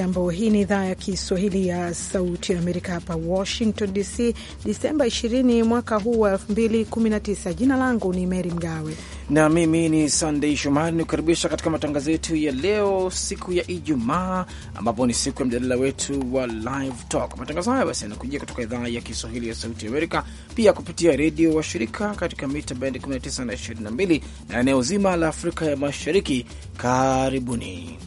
Hujambo, hii ni idhaa ya Kiswahili ya Sauti ya Amerika hapa Washington DC, Disemba 20 mwaka huu wa 2019. Jina langu ni Mary Mgawe na mimi ni Sandei Shomari, nikukaribisha katika matangazo yetu ya leo, siku ya Ijumaa, ambapo ni siku ya mjadala wetu wa Live Talk. Matangazo haya basi yanakujia kutoka idhaa ya Kiswahili ya Sauti ya Amerika, pia kupitia redio wa shirika katika mita bendi 19 na 22 na eneo zima la Afrika ya Mashariki. Karibuni.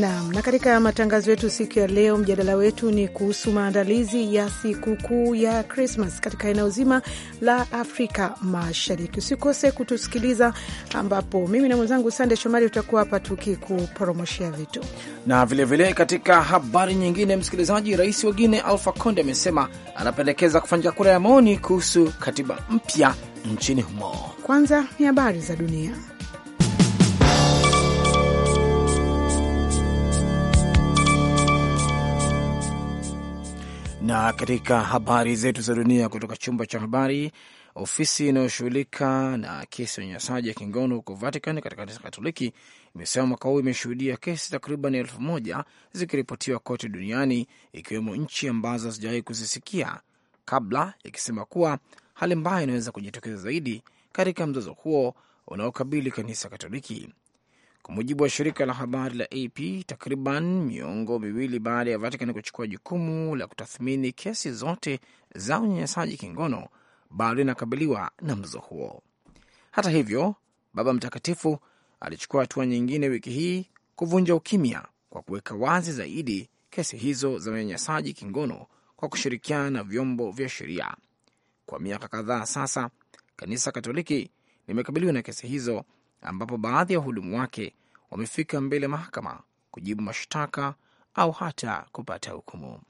Naam, na katika matangazo yetu siku ya leo, mjadala wetu ni kuhusu maandalizi ya sikukuu ya Krismas katika eneo zima la Afrika Mashariki. Usikose kutusikiliza, ambapo mimi na mwenzangu Sande Shomari tutakuwa hapa tukikuporomoshea vitu na vilevile vile. Katika habari nyingine, msikilizaji, rais wa Guine Alfa Conde amesema anapendekeza kufanyika kura ya maoni kuhusu katiba mpya nchini humo. Kwanza ni habari za dunia. Na katika habari zetu za dunia kutoka chumba cha habari, ofisi inayoshughulika na kesi ya unyanyasaji ya kingono huko Vatican katika kanisa Katoliki imesema mwaka huu imeshuhudia kesi takriban elfu moja zikiripotiwa kote duniani, ikiwemo nchi ambazo hazijawahi kuzisikia kabla, ikisema kuwa hali mbaya inaweza kujitokeza zaidi katika mzozo huo unaokabili kanisa Katoliki kwa mujibu wa shirika la habari la AP, takriban miongo miwili baada ya Vatican kuchukua jukumu la kutathmini kesi zote za unyanyasaji kingono, bado inakabiliwa na mzo huo. Hata hivyo, Baba Mtakatifu alichukua hatua nyingine wiki hii kuvunja ukimya kwa kuweka wazi zaidi kesi hizo za unyanyasaji kingono kwa kushirikiana na vyombo vya sheria. Kwa miaka kadhaa sasa, kanisa Katoliki limekabiliwa na kesi hizo ambapo baadhi ya wahudumu wake wamefika mbele ya mahakama kujibu mashtaka au hata kupata hukumu.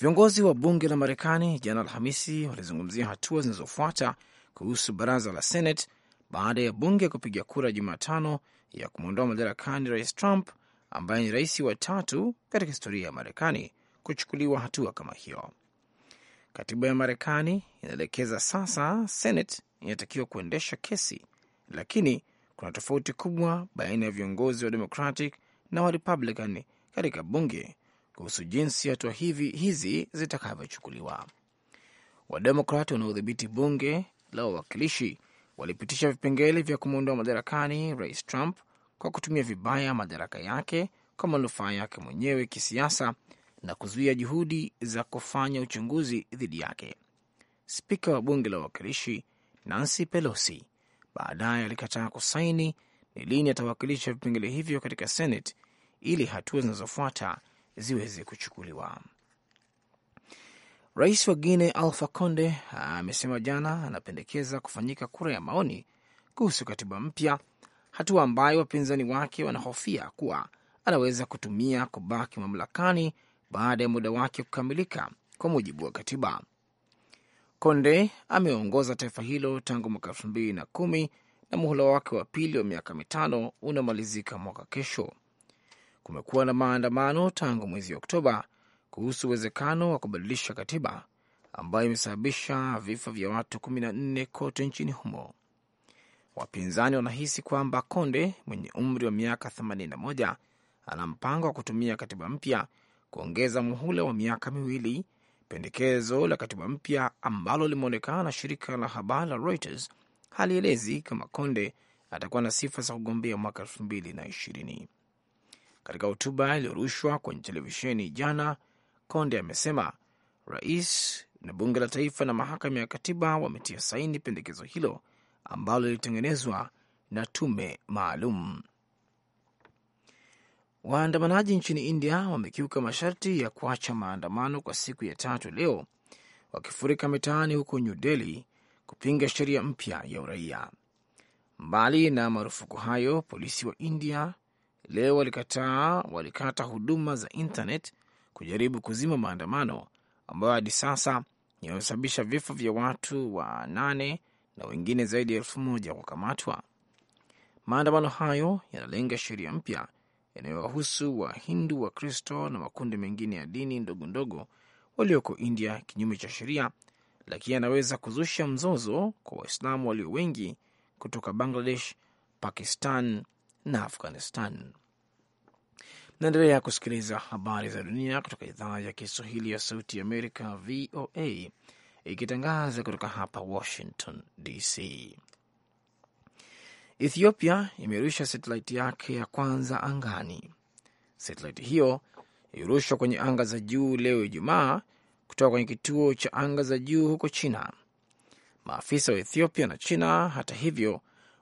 Viongozi wa bunge la Marekani jana Alhamisi walizungumzia hatua zinazofuata kuhusu baraza la Senate baada ya bunge kupiga kura Jumatano ya kumwondoa madarakani Rais Trump ambaye ni rais wa tatu katika historia ya Marekani kuchukuliwa hatua kama hiyo. Katiba ya Marekani inaelekeza sasa Senate inatakiwa kuendesha kesi lakini kuna tofauti kubwa baina ya viongozi wa Democratic na wa Republican katika bunge kuhusu jinsi hatua hivi hizi zitakavyochukuliwa. Wademokrat wanaodhibiti bunge la wawakilishi walipitisha vipengele vya kumwondoa madarakani rais Trump kwa kutumia vibaya madaraka yake kwa manufaa yake mwenyewe kisiasa na kuzuia juhudi za kufanya uchunguzi dhidi yake. Spika wa bunge la wawakilishi Nancy Pelosi baadaye alikataa kusaini ni lini atawakilisha vipengele hivyo katika Senate ili hatua zinazofuata ziweze kuchukuliwa. Rais wa Guine alfa Conde amesema jana anapendekeza kufanyika kura ya maoni kuhusu katiba mpya, hatua ambayo wapinzani wake wanahofia kuwa anaweza kutumia kubaki mamlakani baada ya muda wake kukamilika kwa mujibu wa katiba. Konde ameongoza taifa hilo tangu mwaka elfu mbili na kumi na muhula wake wa pili wa miaka mitano unamalizika mwaka kesho. Kumekuwa na maandamano tangu mwezi Oktoba kuhusu uwezekano wa kubadilisha katiba ambayo imesababisha vifo vya watu kumi na nne kote nchini humo. Wapinzani wanahisi kwamba Konde mwenye umri wa miaka 81 ana mpango wa kutumia katiba mpya kuongeza muhula wa miaka miwili Pendekezo la katiba mpya ambalo limeonekana na shirika la habari la Reuters halielezi kama Konde atakuwa na sifa za kugombea mwaka elfu mbili na ishirini. Katika hotuba iliyorushwa kwenye televisheni jana, Konde amesema rais na bunge la taifa na mahakama ya katiba wametia saini pendekezo hilo ambalo lilitengenezwa na tume maalum. Waandamanaji nchini India wamekiuka masharti ya kuacha maandamano kwa siku ya tatu leo, wakifurika mitaani huko New Delhi kupinga sheria mpya ya uraia. Mbali na marufuku hayo, polisi wa India leo walikataa walikata huduma za internet kujaribu kuzima maandamano ambayo hadi sasa yamesababisha vifo vya watu wa nane na wengine zaidi ya elfu moja kukamatwa. Maandamano hayo yanalenga sheria mpya yanayowahusu Wahindu, Wakristo na makundi mengine ya dini ndogo ndogo walioko India kinyume cha sheria, lakini yanaweza kuzusha mzozo kwa Waislamu walio wengi kutoka Bangladesh, Pakistan na Afghanistan. Naendelea kusikiliza habari za dunia kutoka idhaa ya Kiswahili ya Sauti ya Amerika, VOA, ikitangaza kutoka hapa Washington DC. Ethiopia imerusha satelaiti yake ya kwanza angani. Satelaiti hiyo ilirushwa kwenye anga za juu leo Ijumaa kutoka kwenye kituo cha anga za juu huko China. Maafisa wa Ethiopia na China, hata hivyo,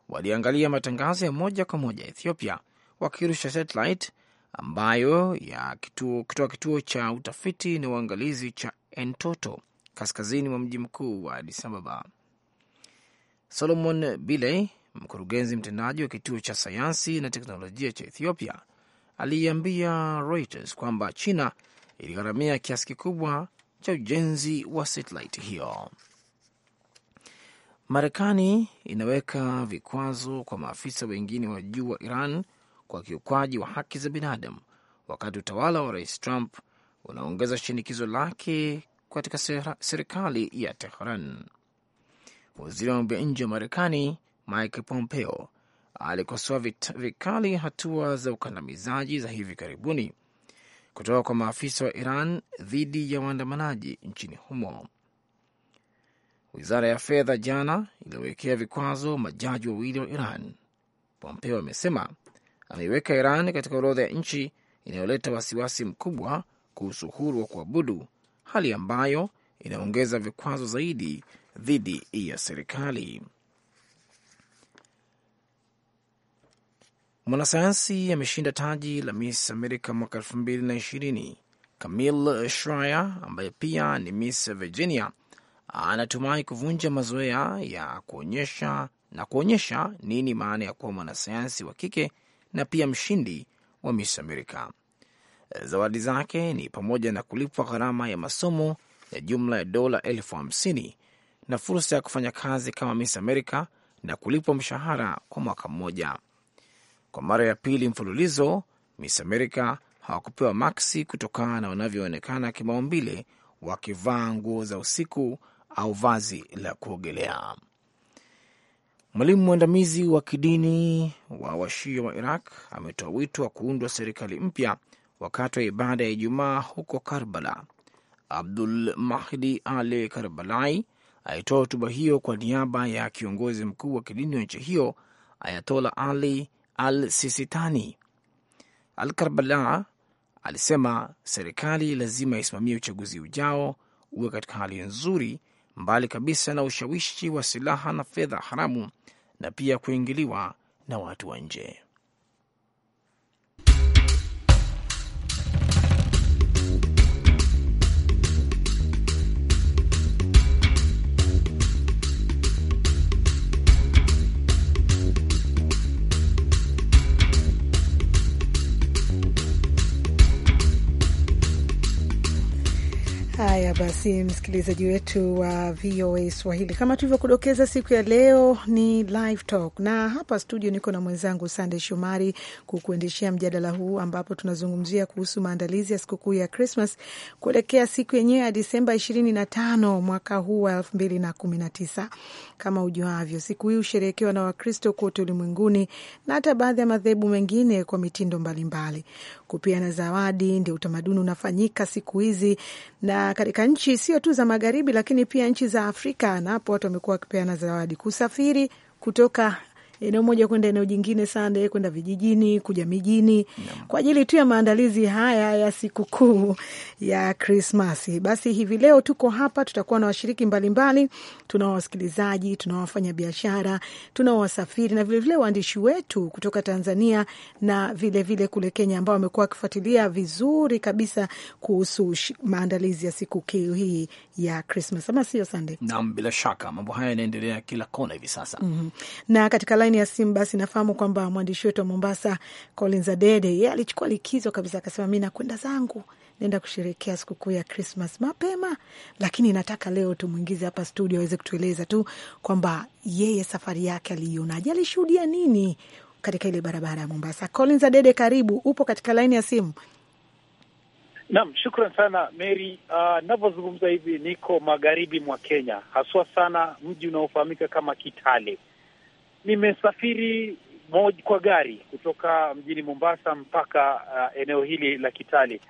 waliangalia matangazo ya moja kwa moja Ethiopia wakirusha satelaiti ambayo ya kituo, kutoka kituo cha utafiti na uangalizi cha Entoto kaskazini mwa mji mkuu wa Addis Ababa. Solomon Biley Mkurugenzi mtendaji wa kituo cha sayansi na teknolojia cha Ethiopia aliiambia Reuters kwamba China iligharamia kiasi kikubwa cha ujenzi wa satelaiti hiyo. Marekani inaweka vikwazo kwa maafisa wengine wa juu wa Iran kwa kiukwaji wa haki za binadamu, wakati utawala wa Rais Trump unaongeza shinikizo lake katika serikali ya Tehran. Waziri wa mambo ya nje wa Marekani Mike Pompeo alikosoa vikali hatua za ukandamizaji za hivi karibuni kutoka kwa maafisa wa Iran dhidi ya waandamanaji nchini humo. Wizara ya fedha jana iliwekea vikwazo majaji wawili wa Iran. Pompeo amesema ameiweka Iran katika orodha ya nchi inayoleta wasiwasi mkubwa kuhusu uhuru wa kuabudu, hali ambayo inaongeza vikwazo zaidi dhidi ya serikali. Mwanasayansi ameshinda taji la Miss America mwaka elfu mbili na ishirini. Camille Schrier ambaye pia ni Miss Virginia anatumai kuvunja mazoea ya kuonyesha na kuonyesha nini maana ya kuwa mwanasayansi wa kike na pia mshindi wa Miss America. Zawadi zake ni pamoja na kulipwa gharama ya masomo ya jumla ya dola elfu hamsini na fursa ya kufanya kazi kama Miss America na kulipwa mshahara kwa mwaka mmoja. Kwa mara ya pili mfululizo, Miss America hawakupewa maksi kutokana na wanavyoonekana kimaumbile, wakivaa nguo za usiku au vazi la kuogelea. Mwalimu mwandamizi wa kidini wa washia wa Iraq ametoa wito wa kuundwa serikali mpya wakati wa ibada ya Ijumaa huko Karbala. Abdul Mahdi Ali Karbalai alitoa hotuba hiyo kwa niaba ya kiongozi mkuu wa kidini wa nchi hiyo Ayatola Ali Al-Sisitani. Al-Karbala alisema serikali lazima isimamie uchaguzi ujao uwe katika hali nzuri, mbali kabisa na ushawishi wa silaha na fedha haramu, na pia kuingiliwa na watu wa nje. Haya basi, msikilizaji wetu wa uh, VOA Swahili, kama tulivyokudokeza, siku ya leo ni live talk, na hapa studio niko na mwenzangu Sande Shomari kukuendeshea mjadala huu ambapo tunazungumzia kuhusu maandalizi ya sikukuu ya Krismas kuelekea siku yenyewe ya Disemba ishirini na tano mwaka huu wa elfu mbili na kumi na tisa. Kama ujuavyo, siku hii husherehekewa na Wakristo kote ulimwenguni na hata baadhi ya madhehebu mengine kwa mitindo mbalimbali mbali kupeana zawadi ndio utamaduni unafanyika siku hizi, na katika nchi sio tu za magharibi, lakini pia nchi za Afrika, hapo watu wamekuwa wakipeana zawadi. Kusafiri kutoka eneo moja kwenda eneo jingine, Sande, kwenda vijijini, kuja mijini no. kwa ajili tu ya maandalizi haya ya sikukuu ya Krismasi. Basi hivi leo tuko hapa, tutakuwa na washiriki mbalimbali, tuna wasikilizaji, tuna biashara, tuna wasafiri na vilevile waandishi wetu kutoka Tanzania na vilevile vile kule Kenya ambao wamekuwa wakifuatilia vizuri kabisa kuhusu maandalizi ya sikukuu hii ya Krismas, ama sio Sande? Naam, bila shaka mambo haya yanaendelea kila kona hivi sasa mm -hmm. na katika laini ya simu, basi nafahamu kwamba mwandishi wetu wa Mombasa Collins Adede yeye alichukua likizo kabisa, akasema mi nakwenda zangu naenda kusherekea sikukuu ya Krismas mapema, lakini nataka leo tumwingize hapa studio aweze kutueleza tu kwamba yeye safari yake aliionaje, alishuhudia nini katika ile barabara ya Mombasa. Collins Adede, karibu, upo katika laini ya simu. Naam, shukran sana Mary. Uh, ah, navyozungumza hivi niko magharibi mwa Kenya, haswa sana mji unaofahamika kama Kitale nimesafiri kwa gari kutoka mjini Mombasa mpaka uh, eneo hili la Kitale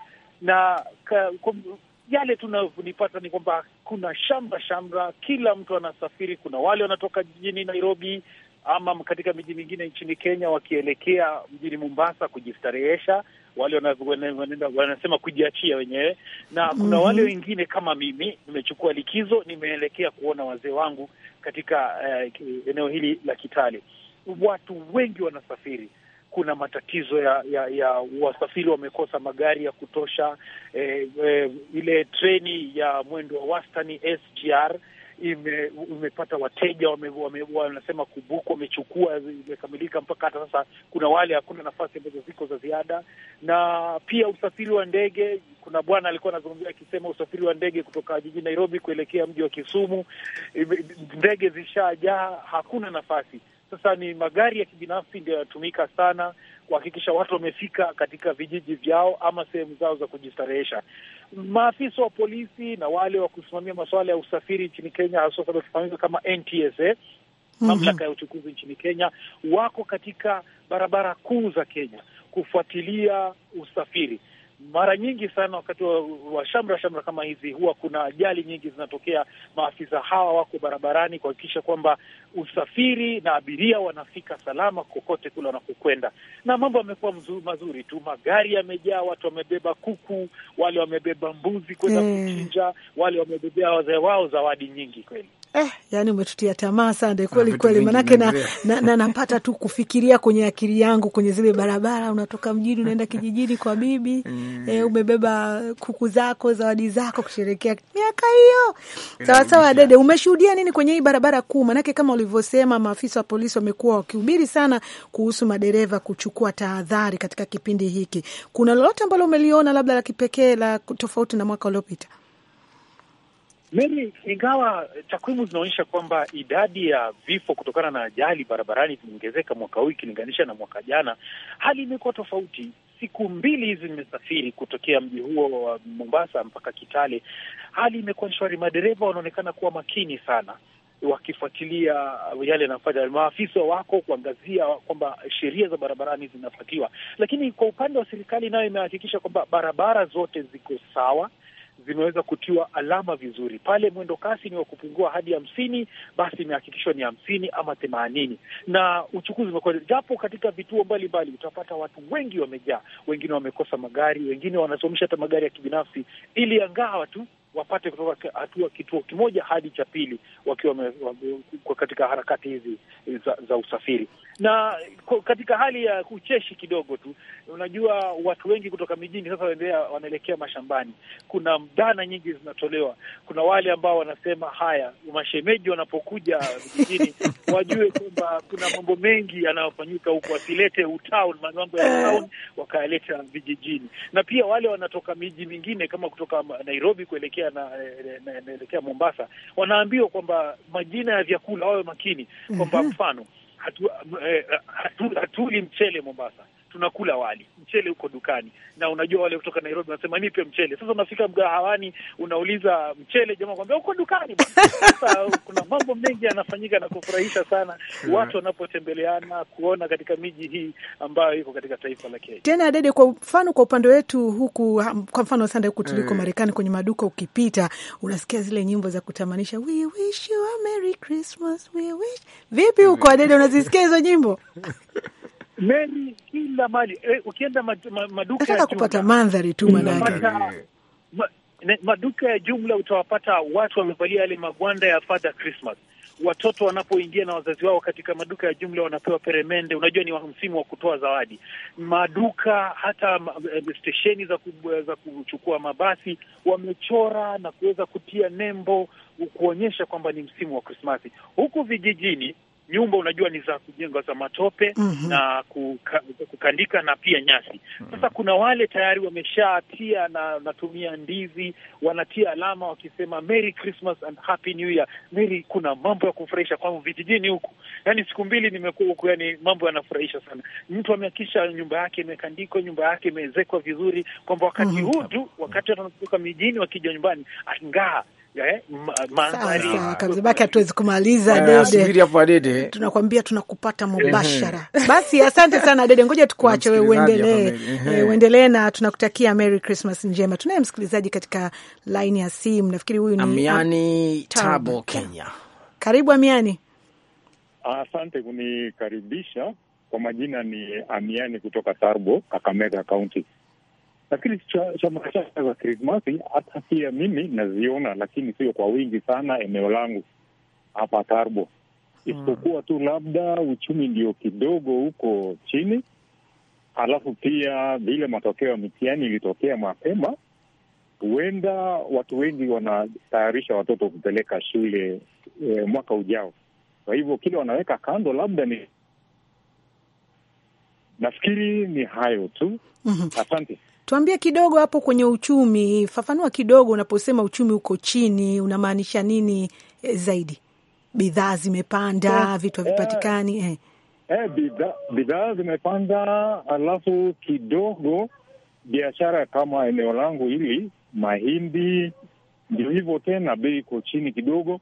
na ka, kum, yale tunavonipata ni kwamba kuna shamra shamra, kila mtu anasafiri. Kuna wale wanatoka jijini Nairobi ama katika miji mingine nchini Kenya wakielekea mjini Mombasa kujistarehesha, wale wanaenda wanasema kujiachia wenyewe, na kuna mhm. wale wengine kama mimi nimechukua likizo, nimeelekea kuona wazee wangu katika uh, eneo hili la Kitale. Watu wengi wanasafiri, kuna matatizo ya, ya, ya wasafiri wamekosa magari ya kutosha. Eh, eh, ile treni ya mwendo wa wastani SGR imepata wateja wanasema kubuku wamechukua imekamilika mpaka hata sasa. Kuna wale hakuna nafasi ambazo ziko za ziada, na pia usafiri wa ndege. Kuna bwana alikuwa anazungumzia akisema usafiri wa ndege kutoka jijini Nairobi kuelekea mji wa Kisumu, ndege zishajaa, hakuna nafasi sasa ni magari ya kibinafsi ndio yanatumika sana kuhakikisha watu wamefika katika vijiji vyao ama sehemu zao za kujistarehesha. Maafisa wa polisi na wale wa kusimamia masuala ya usafiri nchini Kenya, hasa wakifahamika kama NTSA, mhm. mamlaka mm -hmm. ya uchukuzi nchini Kenya, wako katika barabara kuu za Kenya kufuatilia usafiri mara nyingi sana wakati wa, wa shamra shamra kama hizi huwa kuna ajali nyingi zinatokea. Maafisa hawa wako barabarani kuhakikisha kwamba usafiri na abiria wanafika salama kokote kule wanakokwenda, na mambo yamekuwa mazuri tu. Magari yamejaa, watu wamebeba kuku, wale wamebeba mbuzi kwenda mm, kuchinja, wale wamebebea wazee wao zawadi nyingi kweli. Eh, yani umetutia tamaa sana kweli ah, kweli, manake na, na, na napata tu kufikiria kwenye akili yangu kwenye zile barabara, unatoka mjini unaenda kijijini kwa bibi mm. Eh, umebeba kuku zako, zawadi zako kusherekea miaka hiyo. Sawa eh, sawa, dede, umeshuhudia nini kwenye hii barabara kuu? Manake kama ulivyosema, maafisa wa polisi wamekuwa wakihubiri sana kuhusu madereva kuchukua tahadhari katika kipindi hiki. Kuna lolote ambalo umeliona labda la kipekee la tofauti na mwaka uliopita? Mary, ingawa takwimu zinaonyesha kwamba idadi ya vifo kutokana na ajali barabarani zimeongezeka mwaka huu ikilinganisha na mwaka jana, hali imekuwa tofauti. Siku mbili hizi nimesafiri kutokea mji huo wa Mombasa mpaka Kitale, hali imekuwa shwari. Madereva wanaonekana kuwa makini sana, wakifuatilia yale yanafanya. Maafisa wako kuangazia kwamba sheria za barabarani zinafuatiwa, lakini kwa upande wa serikali nayo imehakikisha kwamba barabara zote ziko sawa zimeweza kutiwa alama vizuri. Pale mwendo kasi ni wa kupungua hadi hamsini, basi imehakikishwa ni hamsini ama themanini, na uchukuzi umekuwa japo, katika vituo mbalimbali utapata watu wengi wamejaa, wengine wamekosa magari, wengine wanasimamisha hata magari ya kibinafsi ili angawa tu wapate kutoka hatua kituo kimoja hadi cha pili, wakiwa katika harakati hizi za, za usafiri. Na katika hali ya ucheshi kidogo tu, unajua watu wengi kutoka mijini sasa wanaelekea mashambani. Kuna mdana nyingi zinatolewa. Kuna wale ambao wanasema haya, mashemeji wanapokuja vijijini wajue kwamba kuna mambo mengi yanayofanyika huko, wasilete utown, mambo ya eh. town wakayaleta vijijini. Na pia wale wanatoka miji mingine kama kutoka Nairobi kuelekea naelekea eh, eh, na, na, na, Mombasa, wanaambiwa kwamba majina ya vyakula wawe makini kwamba mhm. mfano hatu, eh, hatu, hatuli mchele Mombasa tunakula wali, mchele uko dukani, na unajua wale kutoka Nairobi wanasema nipe mchele. Sasa unafika mgahawani, unauliza mchele, jamaa kwambia uko dukani bwana. Sasa kuna mambo mengi yanafanyika na kufurahisha sana watu wanapotembeleana, kuona katika miji hii ambayo iko katika taifa la Kenya. Tena Dede, kwa mfano kwa upande wetu huku, kwa mfano sasa huku tuliko mm. Marekani, kwenye maduka ukipita, unasikia zile nyimbo za kutamanisha we wish you a merry Christmas, we wish. Vipi huko mm-hmm. Dede, unazisikia hizo nyimbo? Meri kila mali e, eh, ukienda mad, maduka nataka kupata mandhari tu manake ma, maduka ya jumla utawapata watu wamevalia yale magwanda ya Father Christmas. Watoto wanapoingia na wazazi wao katika maduka ya jumla wanapewa peremende. Unajua ni msimu wa kutoa zawadi. Maduka hata eh, stesheni za, za kuchukua mabasi wamechora na kuweza kutia nembo kuonyesha kwamba ni msimu wa Krismasi. Huku vijijini nyumba unajua ni za kujengwa za matope mm -hmm. na kuka, kukandika na pia nyasi mm -hmm. Sasa kuna wale tayari wameshatia na natumia ndizi, wanatia alama wakisema Merry Christmas and Happy New Year. Merry, kuna mambo ya kufurahisha kwangu vijijini huku, yani siku mbili nimekuwa huku, yani mambo yanafurahisha sana. Mtu amehakikisha nyumba yake imekandikwa, nyumba yake imeezekwa vizuri, kwamba wakati mm -hmm. huu tu, wakati watu wanatoka mijini wakija nyumbani, angaa Eh? kabisa hatuwezi kumaliza eh, Dede, tunakwambia tunakupata mubashara. Basi asante sana Dede, ngoja tukuache we uendelee eh, uendelee, na tunakutakia Merry Christmas njema. Tunaye msikilizaji katika laini ya simu, nafikiri huyu ni Amiani Tabo, Kenya. Karibu Amiani. Asante kunikaribisha. Kwa majina ni Amiani kutoka Tarbo, Kakamega Kaunti lakini chama chake za Krismasi hata pia mimi naziona, lakini sio kwa wingi sana eneo langu hapa Tarbo, hmm. isipokuwa tu labda uchumi ndio kidogo huko chini, alafu pia vile matokeo ya mitihani ilitokea mapema, huenda watu wengi wanatayarisha watoto kupeleka shule e, mwaka ujao. Kwa hivyo kile wanaweka kando labda ni nafikiri ni hayo tu. Mm -hmm. Asante. Tuambie kidogo hapo kwenye uchumi, fafanua kidogo, unaposema uchumi uko chini unamaanisha nini eh, zaidi? Bidhaa zimepanda, eh, vitu eh, havipatikani? Eh, eh, bidhaa bidhaa zimepanda, alafu kidogo biashara kama eneo langu hili mahindi ndio hivyo tena, bei iko chini kidogo.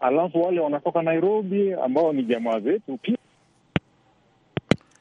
Alafu wale wanatoka Nairobi ambao ni jamaa zetu pia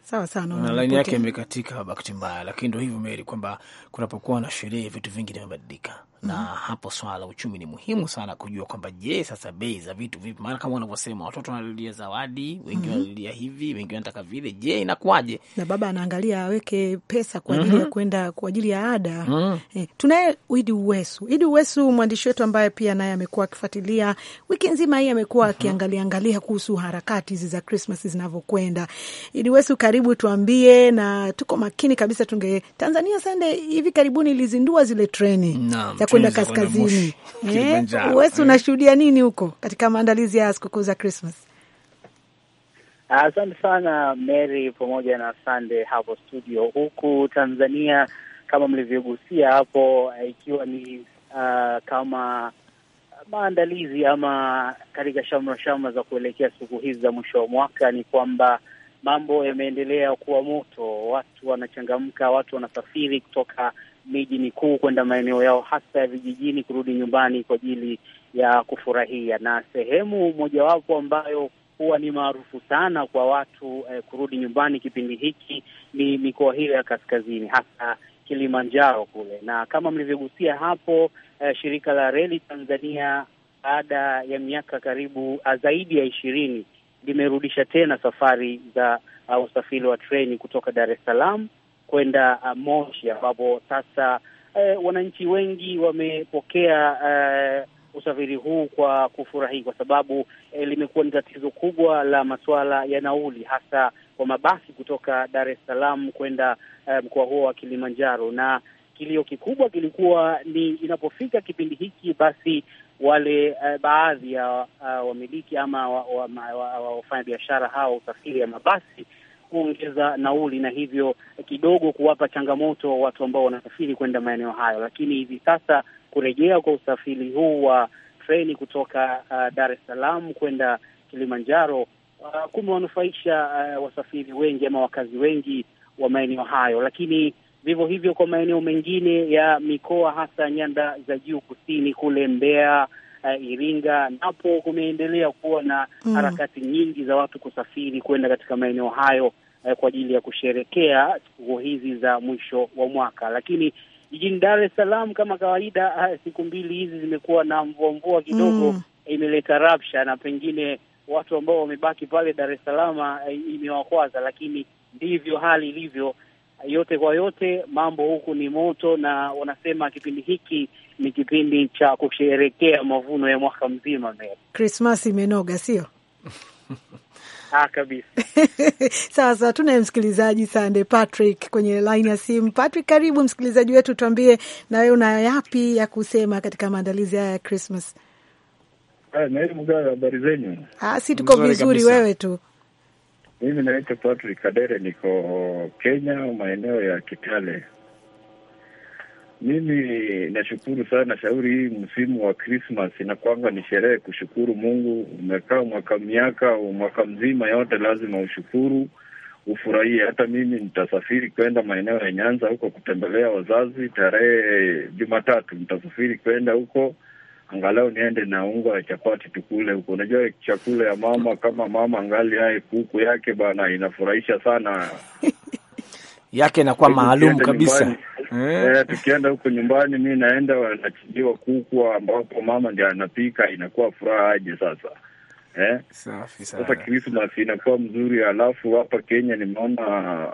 Sawa sana, na laini yake imekatika bahati mbaya, lakini ndo hivyo Meri, kwamba kunapokuwa na sherehe vitu vingi vimebadilika na hapo swala la uchumi ni muhimu sana kujua kwamba je, sasa bei za vitu vipi? Maana kama wanavyosema watoto wanalilia zawadi, wengi mhm. wanalilia mm -hmm. hivi, wengi wanataka vile. Je, inakuwaje? Na baba anaangalia aweke pesa kwa ajili mm -hmm. ya mhm. kwenda kwa ajili ya ada mm -hmm. eh, tunaye Idi Uwesu. Idi Uwesu mwandishi wetu ambaye pia naye amekuwa akifuatilia wiki nzima hii amekuwa mhm. akiangalia mm -hmm. angalia kuhusu harakati hizi za Krismas zinavyokwenda. Idi Uwesu, karibu tuambie, na tuko makini kabisa tunge Tanzania Sunday hivi karibuni ilizindua zile treni no kwenda kaskazini. Eh? Wesi, eh. unashuhudia nini huko katika maandalizi ya sikukuu za Christmas? Asante sana Mary pamoja na Sande hapo studio. Huku Tanzania kama mlivyogusia hapo, eh, ikiwa ni uh, kama maandalizi ama katika shamra shamra za kuelekea siku hizi za mwisho wa mwaka, ni kwamba mambo yameendelea kuwa moto, watu wanachangamka, watu wanasafiri kutoka miji mikuu kwenda maeneo yao hasa ya vijijini, kurudi nyumbani kwa ajili ya kufurahia. Na sehemu mojawapo ambayo huwa ni maarufu sana kwa watu eh, kurudi nyumbani kipindi hiki ni mikoa hiyo ya kaskazini, hasa Kilimanjaro kule. Na kama mlivyogusia hapo eh, shirika la reli Tanzania baada ya miaka karibu ah, zaidi ya ishirini limerudisha tena safari za uh, usafiri wa treni kutoka Dar es Salaam kwenda uh, Moshi ambapo sasa uh, wananchi wengi wamepokea uh, usafiri huu kwa kufurahi, kwa sababu uh, limekuwa ni tatizo kubwa la masuala ya nauli, hasa kwa mabasi kutoka Dar es Salaam kwenda uh, mkoa huo wa Kilimanjaro na kilio kikubwa kilikuwa ni inapofika kipindi hiki basi wale uh, baadhi ya uh, wamiliki ama wafanya wa, wa, wa, wa biashara hao usafiri ya mabasi kuongeza nauli na hivyo kidogo kuwapa changamoto watu ambao wanasafiri kwenda maeneo hayo, lakini hivi sasa kurejea kwa usafiri huu wa treni kutoka uh, Dar es Salaam kwenda Kilimanjaro uh, kumewanufaisha uh, wasafiri wengi ama wakazi wengi wa maeneo hayo, lakini vivyo hivyo kwa maeneo mengine ya mikoa hasa nyanda za juu kusini kule Mbeya, uh, Iringa, napo kumeendelea kuwa na mm. harakati mm, nyingi za watu kusafiri kwenda katika maeneo hayo eh, kwa ajili ya kusherekea sikukuu hizi za mwisho wa mwaka. Lakini jijini Dar es Salaam kama kawaida, ah, siku mbili hizi zimekuwa na mvuamvua kidogo mm. imeleta rabsha na pengine watu ambao wamebaki pale Dar es Salaam eh, imewakwaza, lakini ndivyo hali ilivyo. Yote kwa yote, mambo huku ni moto, na wanasema kipindi hiki ni kipindi cha kusherekea mavuno ya mwaka mzima. krismas imenoga, sio? Ah, kabisa. Sasa tunaye msikilizaji Sande Patrick kwenye laini ya simu. Patrick, karibu msikilizaji wetu, tuambie na wewe una yapi ya kusema katika maandalizi haya ya Christmas. Eh, habari zenyu? Ah, si tuko vizuri, wewe tu? Mimi naitwa Patrick Adere, niko Kenya, maeneo ya Kitale. Mimi nashukuru sana. Shauri hii msimu wa Krismas inakwanga ni sherehe kushukuru Mungu. Umekaa mwaka miaka mwaka mzima yote, lazima ushukuru, ufurahie. Hata mimi nitasafiri kwenda maeneo ya Nyanza huko kutembelea wazazi. Tarehe Jumatatu nitasafiri kwenda huko angalau niende na unga ya chapati tukule huko. Unajua chakula ya mama, kama mama angali aye kuku yake bana, inafurahisha sana yake inakuwa maalum kabisa. Eh. eh, tukienda huko nyumbani, mi naenda wanachinjiwa kuku, ambapo mama ndio anapika, inakuwa furaha aje sasa eh? Safi sana. Sasa Krismasi inakuwa mzuri. Alafu hapa Kenya nimeona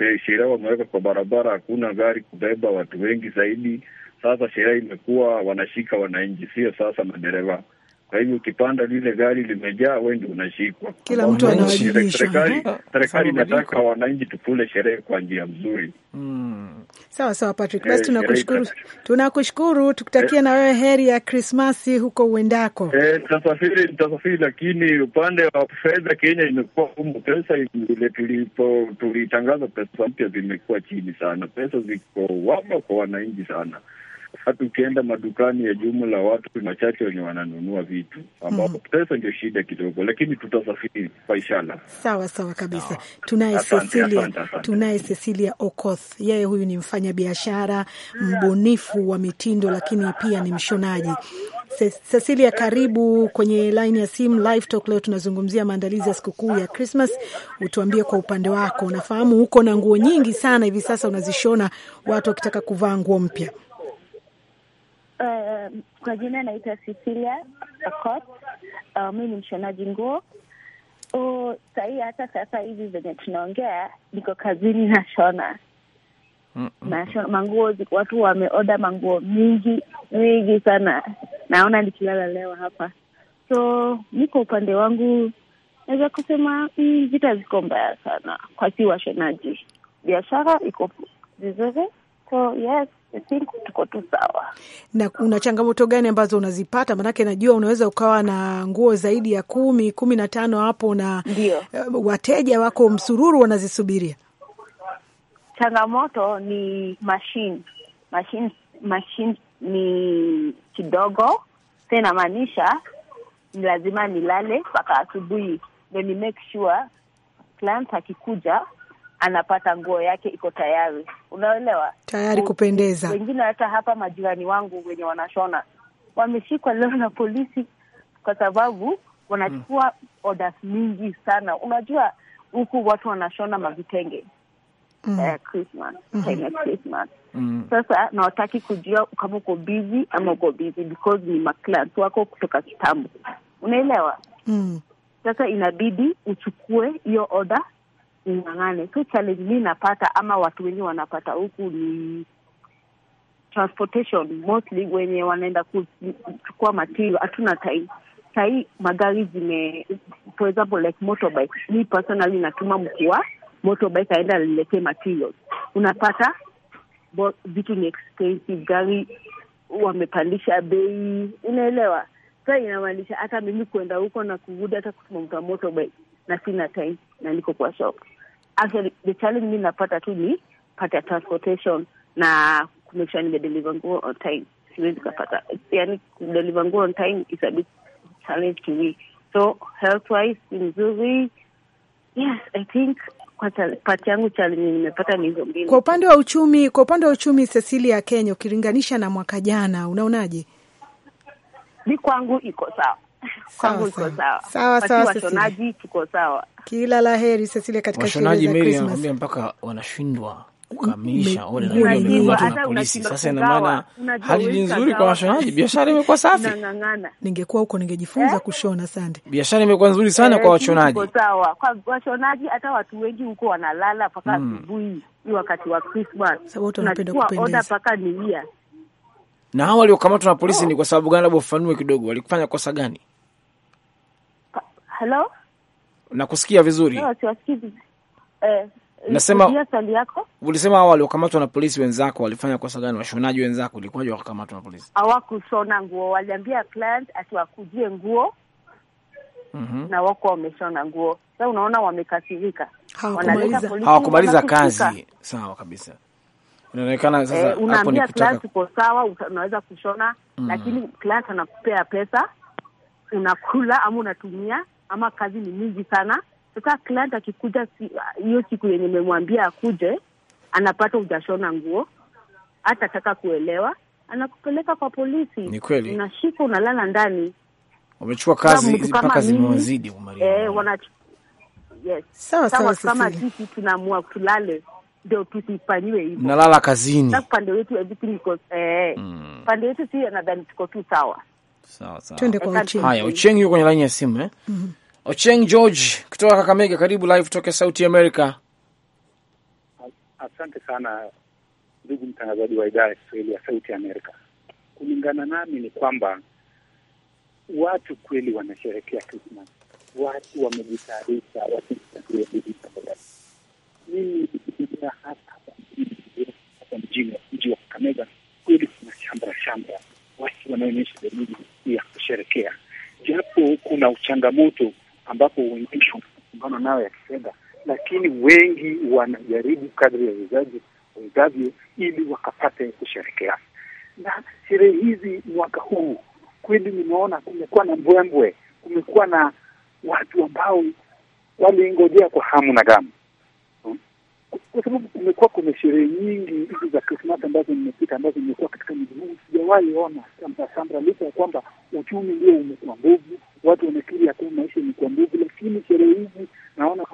eh, sherehe wameweka kwa barabara, hakuna gari kubeba watu wengi zaidi. Sasa sherehe imekuwa wanashika wananchi, sio sasa madereva kwa hivyo ukipanda lile gari limejaa, wengi unashikwa. Kila mtu anawajibishwa. Serikali inataka wananchi tukule sherehe kwa njia mzuri. Mm. Sawa sawa, Patrick. Basi eh, tunakushukuru. Tunakushukuru, tukutakia eh. na wewe heri ya Krismasi huko uendako. Eh, tutasafiri lakini upande wa fedha Kenya imekuwa humu pesa ile tulipo tulitangaza pesa mpya zimekuwa chini sana. Pesa ziko wama kwa wananchi sana hata ukienda madukani ya jumla, watu ni wachache wenye wananunua vitu, ambapo mm pesa ndio shida kidogo, lakini tutasafiri kwa Sawa sawa kabisa. Tunaye Cecilia, tunaye Cecilia Okoth, yeye huyu ni mfanya biashara mbunifu wa mitindo, lakini pia ni mshonaji. Cecilia, karibu kwenye line ya simu Live Talk. Leo tunazungumzia maandalizi ya sikukuu ya Christmas. Utuambie kwa upande wako, unafahamu huko na nguo nyingi sana hivi sasa unazishona watu wakitaka kuvaa nguo mpya. Eh, kwa jina naitwa Cecilia Uh, eh, mi ni mshonaji nguo. Uh, sahii hata sasa hivi venye tunaongea niko kazini nashona shona manguo, watu wameoda manguo mingi mingi sana, naona nikilala leo hapa, so mi kwa upande wangu naweza kusema mm, vita ziko mbaya sana kwa si washonaji, biashara iko vizuri, so yes I think tuko tu sawa. Na una changamoto gani ambazo unazipata? Maanake najua unaweza ukawa na nguo zaidi ya kumi kumi na tano hapo na Ndiyo. Eh, wateja wako msururu wanazisubiria. Changamoto ni mashine mashine ni kidogo, sa inamaanisha ni lazima nilale mpaka asubuhi, ndo ni make sure client akikuja anapata nguo yake iko tayari, unaelewa, tayari kupendeza. Wengine hata hapa majirani wangu wenye wanashona wameshikwa leo na polisi kwa sababu wanachukua mm. orders mingi sana. Unajua huku watu wanashona mavitenge mm. Eh, Christmas mm -hmm. Christmas mm. Sasa nawataki kujua kama uko busy ama uko busy because ni maklient wako kutoka kitambo, unaelewa mm. Sasa inabidi uchukue hiyo order ng'ang'ane. So challenge mi napata ama watu wengi wanapata huku ni transportation mostly, wenye wanaenda kuchukua matilo, hatuna time sahii. Magari zime for example like motorbike, mi personally natuma mkuu wa motorbike aenda aliletee materials. Unapata vitu ni expensive, gari wamepandisha bei, unaelewa? Sa inamaanisha hata mimi kuenda huko na kurudi, hata kutumamta motorbike na sina time na niko kwa shop actually the challenge mi napata tu ni pata transportation na kumekisha sure nimedeliver nguo on time. Siwezi kapata, yani kudeliver nguo on time is a big challenge to me, so health wise ni mzuri. Yes, I think pati yangu challenge nimepata ni hizo mbili. Kwa upande wa uchumi, kwa upande wa uchumi, Cecilia ya Kenya, ukilinganisha na mwaka jana, unaonaje? Mi kwangu iko sawa sawa sawa Washonaji tuko sawa, kila la heri Cecilia. Katika mpaka wanashindwa kukamilisha hata Sasa ina maana hali ni nzuri kwa washonaji, biashara imekuwa safi. Ningekuwa huko ningejifunza eh? kushona. Sande, biashara imekuwa nzuri sana eh, kwa washonaji. Sawa kwa washonaji, hata watu wengi huko wanalala mpaka hmm. asubuhi, wakati wa Krismasi wanapenda kupendeza mpaka na hawa waliokamatwa na polisi oh, ni kwa sababu gani? Labda ufanue kidogo, walifanya kosa gani? Hello, nakusikia vizuri no, eh, eh, nasema ulisema hawa waliokamatwa na polisi wenzako walifanya kosa gani? Washonaji wenzako ulikuwaje wakakamatwa na polisi? Hawakushona nguo, waliambia client atiwakujie nguo Mm -hmm. Na wako wameshona nguo sasa, unaona wamekasirika, hawakumaliza kazi. Sawa kabisa inaonekana sasa eh, unaambia class uko sawa, unaweza kushona mm. Lakini class anakupea pesa unakula ama unatumia ama kazi ni mingi sana. Sasa client akikuja hiyo si, siku yenye memwambia akuje, anapata ujashona nguo, hata taka kuelewa, anakupeleka kwa polisi. Ni kweli, unashika unalala ndani, wamechukua kazi mpaka zimewazidi. Eh, wana yes. Sawa sawa, kama sisi tunamua kulale ndio tusifanyiwe hivyo. Nalala kazini pande wetu everything iko eh, mm. pande wetu si nadhani tuko tu sawa sawa sawa. Twende kwa Ocheng. Haya, Ocheng yuko kwenye laini ya simu eh. mm -hmm. Ocheng George kutoka Kakamega, karibu live kutoka Sauti ya America. Asante sana ndugu mtangazaji wa idara ya Kiswahili ya Sauti ya Amerika. Kulingana nami ni kwamba watu kweli wanasherehekea Christmas, watu wamejitayarisha, watu mimi nimetembea hapa kwa mji wa Kakamega, kweli kuna shamra shamra, watu wanaonyesha dalili ya kusherekea, japo kuna uchangamoto ambapo wengine wanakumbana nayo ya kifedha, lakini wengi wanajaribu kadri ya wezaji wezavyo ili wakapate kusherekea. Na sherehe hizi mwaka huu kweli nimeona kumekuwa na mbwembwe, kumekuwa na watu ambao waliingojea kwa hamu na gamu kwa sababu kumekuwa kuna sherehe nyingi hizi za Krismasi ambazo nimepita, ambazo nimekuwa katika mji huu, sijawahi ona shamrashamra, licha ya kwamba uchumi ndio umekuwa nguvu watu wanakiri ya kuwa maisha imekuwa nguvu, lakini sherehe hizi naona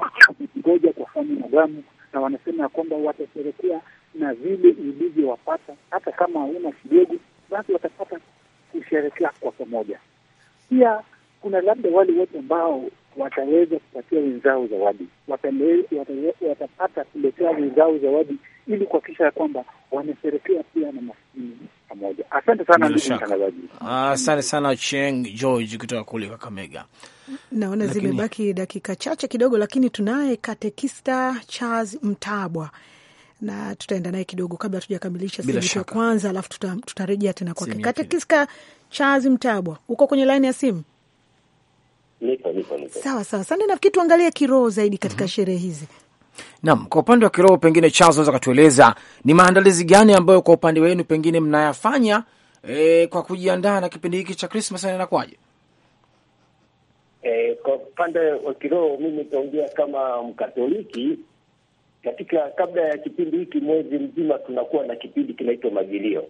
ngoja kwa famu na gamu, na wanasema ya kwamba watasherekea na vile ilivyowapata, hata kama hauna kidogo, basi watapata kusherekea kwa pamoja. Pia kuna labda wale wote ambao wataweza kupatia wenzao zawadi, watapata kuletea wenzao zawadi ili kuhakikisha ya kwamba wanasherekea pia na maskini pamoja. Asante sana ndugu mtangazaji. Asante sana Cheng George kutoka kule Kakamega. Naona zimebaki dakika chache kidogo, lakini tunaye katekista Charles Mtabwa na tutaenda naye kidogo kabla hatujakamilisha sehemu ya kwanza, alafu tutarejea tuta tena kwake. Katekista Charles Mtabwa, uko kwenye laini ya simu? Niko, Sawa sawa, sande. nafikiri tuangalie kiroho zaidi katika mm -hmm. sherehe hizi. Naam, kwa upande wa kiroho pengine Charles unaweza kutueleza ni maandalizi gani ambayo kwa upande wenu pengine mnayafanya e, kwa kujiandaa na kipindi hiki cha Krismas inakuwaje? E, kwa upande wa kiroho mimi nitaongea kama Mkatoliki. Katika kabla ya kipindi hiki mwezi mzima tunakuwa na kipindi kinaitwa Majilio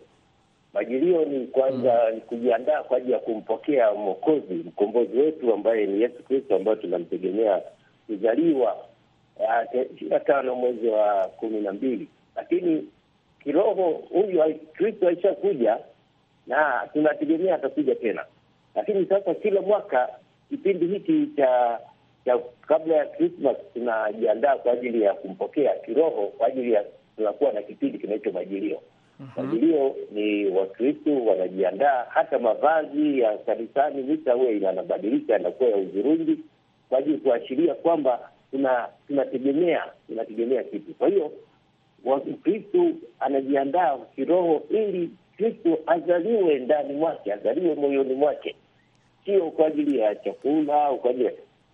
Majilio ni kwanza mm. ni kujiandaa kwa ajili ya kumpokea Mwokozi, mkombozi wetu ambaye ni Yesu Kristo, ambayo tunamtegemea kuzaliwa ah, ishirini na tano mwezi wa kumi na mbili. Lakini kiroho huyu Kristo alishakuja na tunategemea atakuja tena, lakini sasa kila mwaka kipindi hiki cha kabla ya krismas tunajiandaa kwa ajili ya kumpokea kiroho, kwa ajili ya tunakuwa na kipindi kinaitwa Majilio. Salilio mhm. ni Wakristo wanajiandaa, hata mavazi ya kanisani mita huwe inabadilisha yanakuwa ya uzurungi kwa ajili kuashiria kwamba tunategemea tunategemea kitu. Kwa hiyo Wakristo anajiandaa kiroho ili Kristo azaliwe ndani mwake, azaliwe moyoni mwake, sio kwa ajili ya chakula au kwa ajili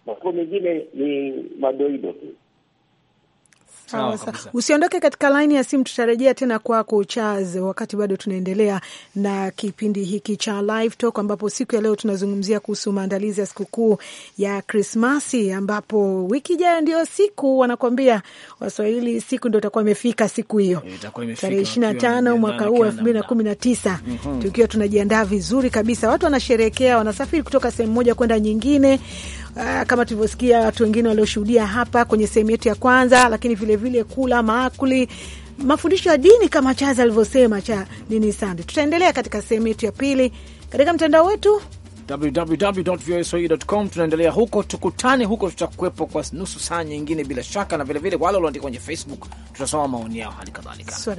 mambo mengine, ni madoido tu. Usiondoke katika laini ya simu, tutarejea tena kwako Charles, wakati bado tunaendelea na kipindi hiki cha Live Talk, ambapo siku ya leo tunazungumzia kuhusu maandalizi ya sikukuu ya Krismasi, ambapo wiki ijayo ndio siku wanakwambia Waswahili, siku ndio itakuwa imefika siku hiyo tarehe ishirini na tano mwaka huu elfu mbili na kumi na tisa mhm. tukiwa tunajiandaa vizuri kabisa. Watu wanasherehekea, wanasafiri kutoka sehemu moja kwenda nyingine Ah, kama tulivyosikia watu wengine walioshuhudia hapa kwenye sehemu yetu ya kwanza, lakini vilevile vile kula maakuli mafundisho ya dini kama Chaza alivyosema cha nini sande. Tutaendelea katika sehemu yetu ya pili katika mtandao wetu www.voaswahili.com. Tunaendelea huko, tukutane huko, tutakuwepo kwa nusu saa nyingine bila shaka, na vilevile wale walioandika kwenye Facebook tutasoma maoni yao hali kadhalika. So,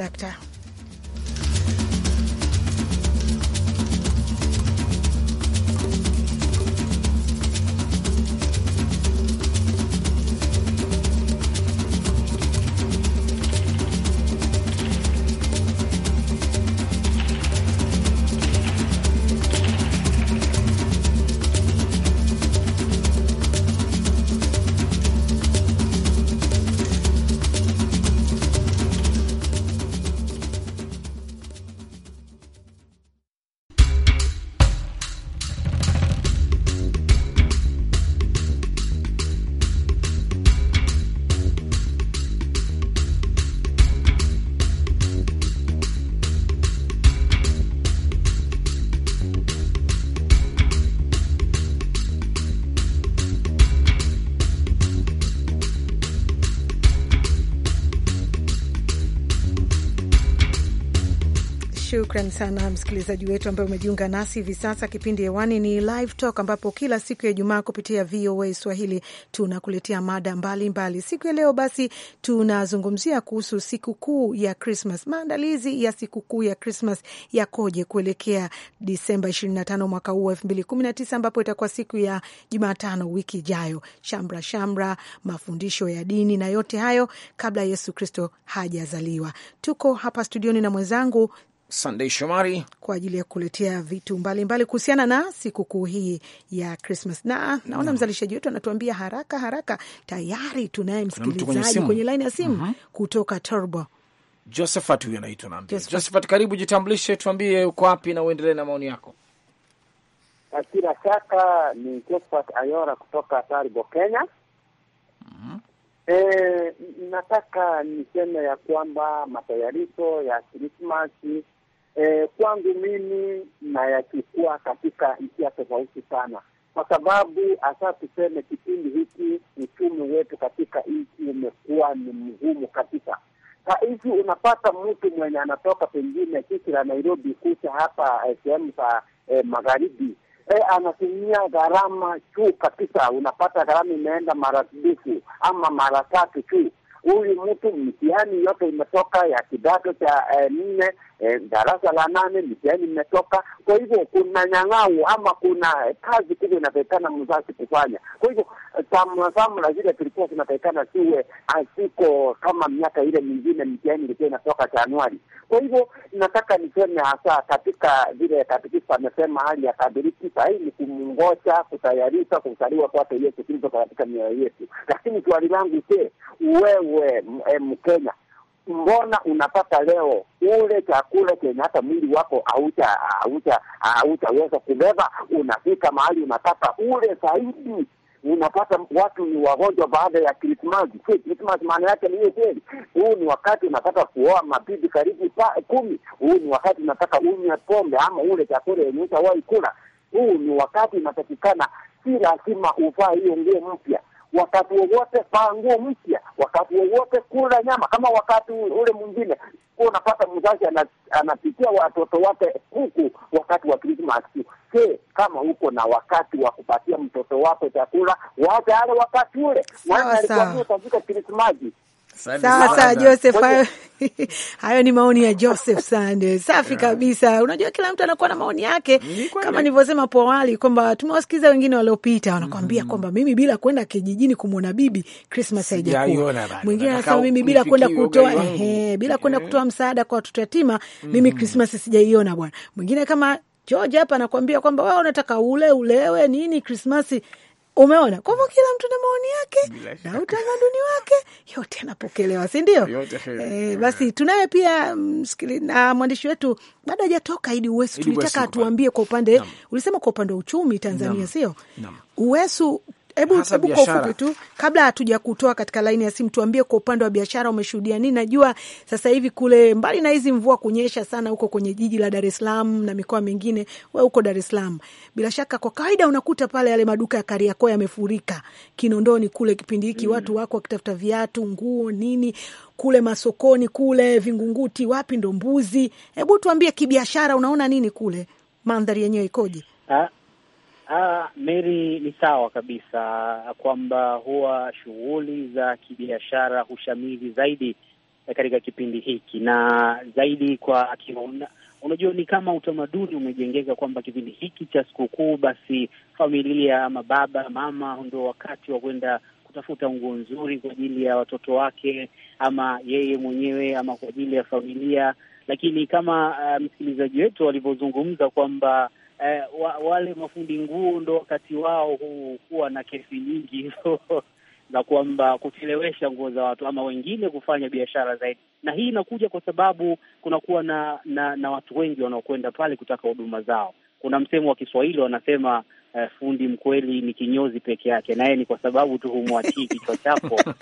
Shukran sana msikilizaji wetu ambaye umejiunga nasi hivi sasa. Kipindi hewani ni Live Talk, ambapo kila siku ya Ijumaa kupitia VOA Swahili tunakuletea mada mbalimbali Siku ya leo basi tunazungumzia kuhusu sikukuu ya Krismas. Maandalizi ya sikukuu ya Krismas yakoje kuelekea Disemba 25 mwaka huu wa 2019 ambapo itakuwa siku ya Jumatano wiki ijayo. Shamra shamra, mafundisho ya dini na yote hayo kabla Yesu Kristo hajazaliwa. Tuko hapa studioni na mwenzangu Sandei Shomari kwa ajili ya kuletea vitu mbalimbali kuhusiana na sikukuu hii ya Krismas na naona no. Mm. mzalishaji wetu anatuambia haraka haraka, tayari tunaye msikilizaji kwenye laini ya simu mm -hmm. kutoka Turbo Josephat, huyu anaitwa naambia Josephat, Josephat, karibu jitambulishe, tuambie uko wapi na uendelee na maoni yako. Bila shaka ni Josephat Ayora kutoka Turbo, Kenya. mm -hmm. E, nataka niseme ya kwamba matayarisho ya Krismasi e, kwangu mimi nayachukua katika njia tofauti sana, kwa sababu hasa tuseme, kipindi hiki uchumi wetu katika nchi umekuwa ni mgumu kabisa. Sahizi unapata mtu mwenye anatoka pengine jiji la Nairobi kucha hapa eh, sehemu za eh, magharibi E, anatumia gharama juu kabisa. Unapata gharama imeenda mara dufu ama mara tatu tu, huyu mtu mtihani yote imetoka ya kidato cha eh, nne eh, darasa la nane, mtihani imetoka. Kwa hivyo kuna nyang'au ama kuna eh, kazi kubwa inatakikana mzazi kufanya. Kwa hivyo tamna tamna zile tulikuwa zinatakikana siwe asiko kama miaka ile mingine mitihani ilikuwa inatoka Januari. Kwa hivyo nataka niseme hasa katika vile katekista amesema, hali ya kadiriki sahii ni kumngoja kutayarisha kuzaliwa kwake Yesu Kristo katika mioyo yetu. Lakini swali langu, je, wewe Mkenya, mbona unapata leo ule chakula chenye hata mwili wako hautaweza kubeba? Unafika mahali unataka ule zaidi unapata watu ni wagonjwa baada ya Krismasi. Krismasi maana yake ni hiyo kweli. Huu ni wakati unataka kuoa mabibi karibu kumi. Huu ni wakati unataka unywe pombe ama ule chakula yenye utawahi kula. Huu ni wakati unatakikana, si lazima uvaa hiyo nguo mpya wakati wowote, paa nguo mpya, wakati wowote, kula nyama kama wakati ule mwingine. Unapata mzazi anapikia watoto wake huku wakati wa Krismas. Je, kama uko na wakati wa kupatia mtoto wako chakula, wacha ale wakati ule, maana alikuwa Krismasi sasa Joseph, hayo ni maoni ya Joseph Sande. Safi kabisa. Unajua, kila mtu anakuwa na maoni yake, kama nilivyosema hapo awali kwamba tumewasikiza wengine waliopita wanakwambia mm-hmm. kwamba mimi bila kwenda kijijini kumwona bibi Krismas haijakuwa. Mwingine anasema mimi bila kwenda kutoa ehe, bila kwenda eh. kutoa msaada kwa watoto yatima mimi Krismas mm-hmm. sijaiona bwana. Mwingine kama George hapa anakuambia kwamba wewe unataka ule ulewe nini Krismasi Umeona, kwa hivyo kila mtu na maoni yake na utamaduni wake, yote anapokelewa si ndio? E, basi tunaye pia mm, na mwandishi wetu bado hajatoka, Idi Uwesu, tulitaka atuambie kwa upande, ulisema kwa upande wa uchumi Tanzania, sio Uwesu, Hebu hebu kwa ufupi tu kabla hatuja kutoa katika laini ya simu, tuambie kwa upande wa biashara umeshuhudia nini? Najua sasa hivi kule mbali na hizi mvua kunyesha sana huko kwenye jiji la Dar es Salaam na mikoa mingine, wewe huko Dar es Salaam, bila shaka kwa kawaida unakuta pale yale maduka ya Kariakoo yamefurika Kinondoni kule kipindi hiki mm. watu wako wakitafuta viatu, nguo, nini kule masokoni kule Vingunguti, wapi ndo mbuzi. Hebu tuambie kibiashara, unaona nini kule, mandhari yenyewe ikoje? Ah, Ah, Mary, ni sawa kabisa kwamba huwa shughuli za kibiashara hushamiri zaidi katika kipindi hiki na zaidi kwa akiona, unajua ni kama utamaduni umejengeka kwamba kipindi hiki cha sikukuu, basi familia ama baba mama ndio wakati wa kwenda kutafuta nguo nzuri kwa ajili ya watoto wake ama yeye mwenyewe ama kwa ajili ya familia. Lakini kama uh, msikilizaji wetu alivyozungumza kwamba eh, wa, wale mafundi nguo ndo wakati wao huwa na kesi nyingi hizo za kwamba kuchelewesha nguo za watu ama wengine kufanya biashara zaidi, na hii inakuja kwa sababu kunakuwa na, na na watu wengi wanaokwenda pale kutaka huduma zao. Kuna msemo wa Kiswahili wanasema Uh, fundi mkweli ni kinyozi peke yake, naye ni kwa sababu tu humwachii kichwa chako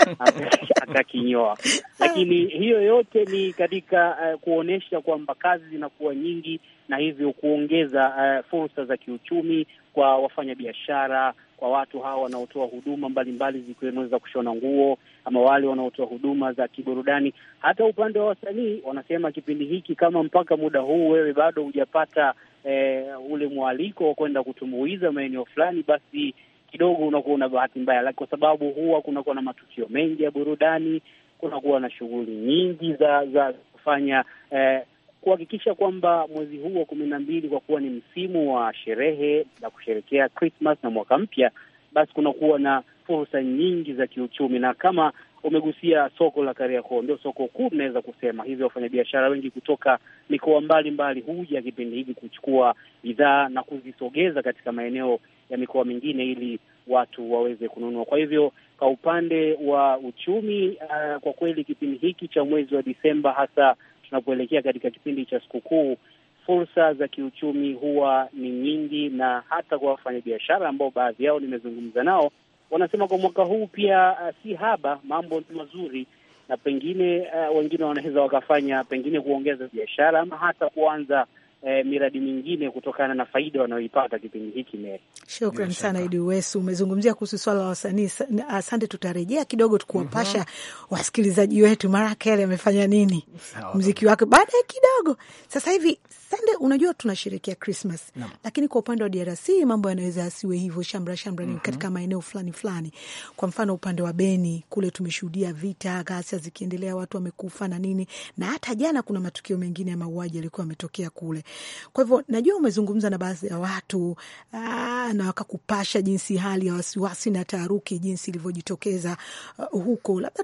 akakinyoa. Lakini hiyo yote ni katika uh, eh, kuonyesha kwamba kazi zinakuwa nyingi na hivyo kuongeza uh, fursa za kiuchumi kwa wafanyabiashara, kwa watu hawa wanaotoa huduma mbalimbali zikiwemo za kushona nguo ama wale wanaotoa huduma za kiburudani. Hata upande wa wasanii wanasema kipindi hiki, kama mpaka muda huu wewe bado hujapata eh, ule mwaliko wa kwenda kutumbuiza maeneo fulani, basi kidogo unakuwa una bahati mbaya, kwa sababu huwa kunakuwa na matukio mengi ya burudani, kunakuwa na shughuli nyingi za za kufanya eh, kuhakikisha kwamba mwezi huu wa kumi na mbili kwa kuwa ni msimu wa sherehe za kusherekea Christmas na mwaka mpya, basi kunakuwa na fursa nyingi za kiuchumi, na kama umegusia soko la Kariakoo, ndio soko kuu tunaweza kusema hivyo. Wafanyabiashara wengi kutoka mikoa mbalimbali huja kipindi hiki kuchukua bidhaa na kuzisogeza katika maeneo ya mikoa mingine ili watu waweze kununua. Kwa hivyo kwa upande wa uchumi uh, kwa kweli kipindi hiki cha mwezi wa Disemba, hasa tunapoelekea katika kipindi cha sikukuu, fursa za kiuchumi huwa ni nyingi, na hata kwa wafanyabiashara ambao baadhi yao nimezungumza nao wanasema kwa mwaka huu pia uh, si haba, mambo ni mazuri, na pengine uh, wengine wanaweza wakafanya pengine kuongeza biashara ama hata kuanza eh, miradi mingine kutokana na faida wanayoipata kipindi hiki. Meri, shukran sana. Idi Wesu, umezungumzia kuhusu swala la wasanii, asante. Tutarejea kidogo tukuwapasha mm -hmm. wasikilizaji wetu Mariah Carey amefanya nini mziki wake baada ya kidogo. Sasa hivi Sande, unajua tunasherekea Christmas no. lakini kwa upande wa DRC mambo yanaweza asiwe hivyo, shamra shamra mm -hmm. katika mhm. maeneo fulani fulani, kwa mfano upande wa Beni kule tumeshuhudia vita, ghasia zikiendelea, watu wamekufa na nini, na hata jana kuna matukio mengine ya mauaji yalikuwa yametokea kule kwa hivyo najua umezungumza na baadhi ya watu aa, ah, na wakakupasha jinsi hali ya wasiwasi na taharuki jinsi ilivyojitokeza uh, huko. Labda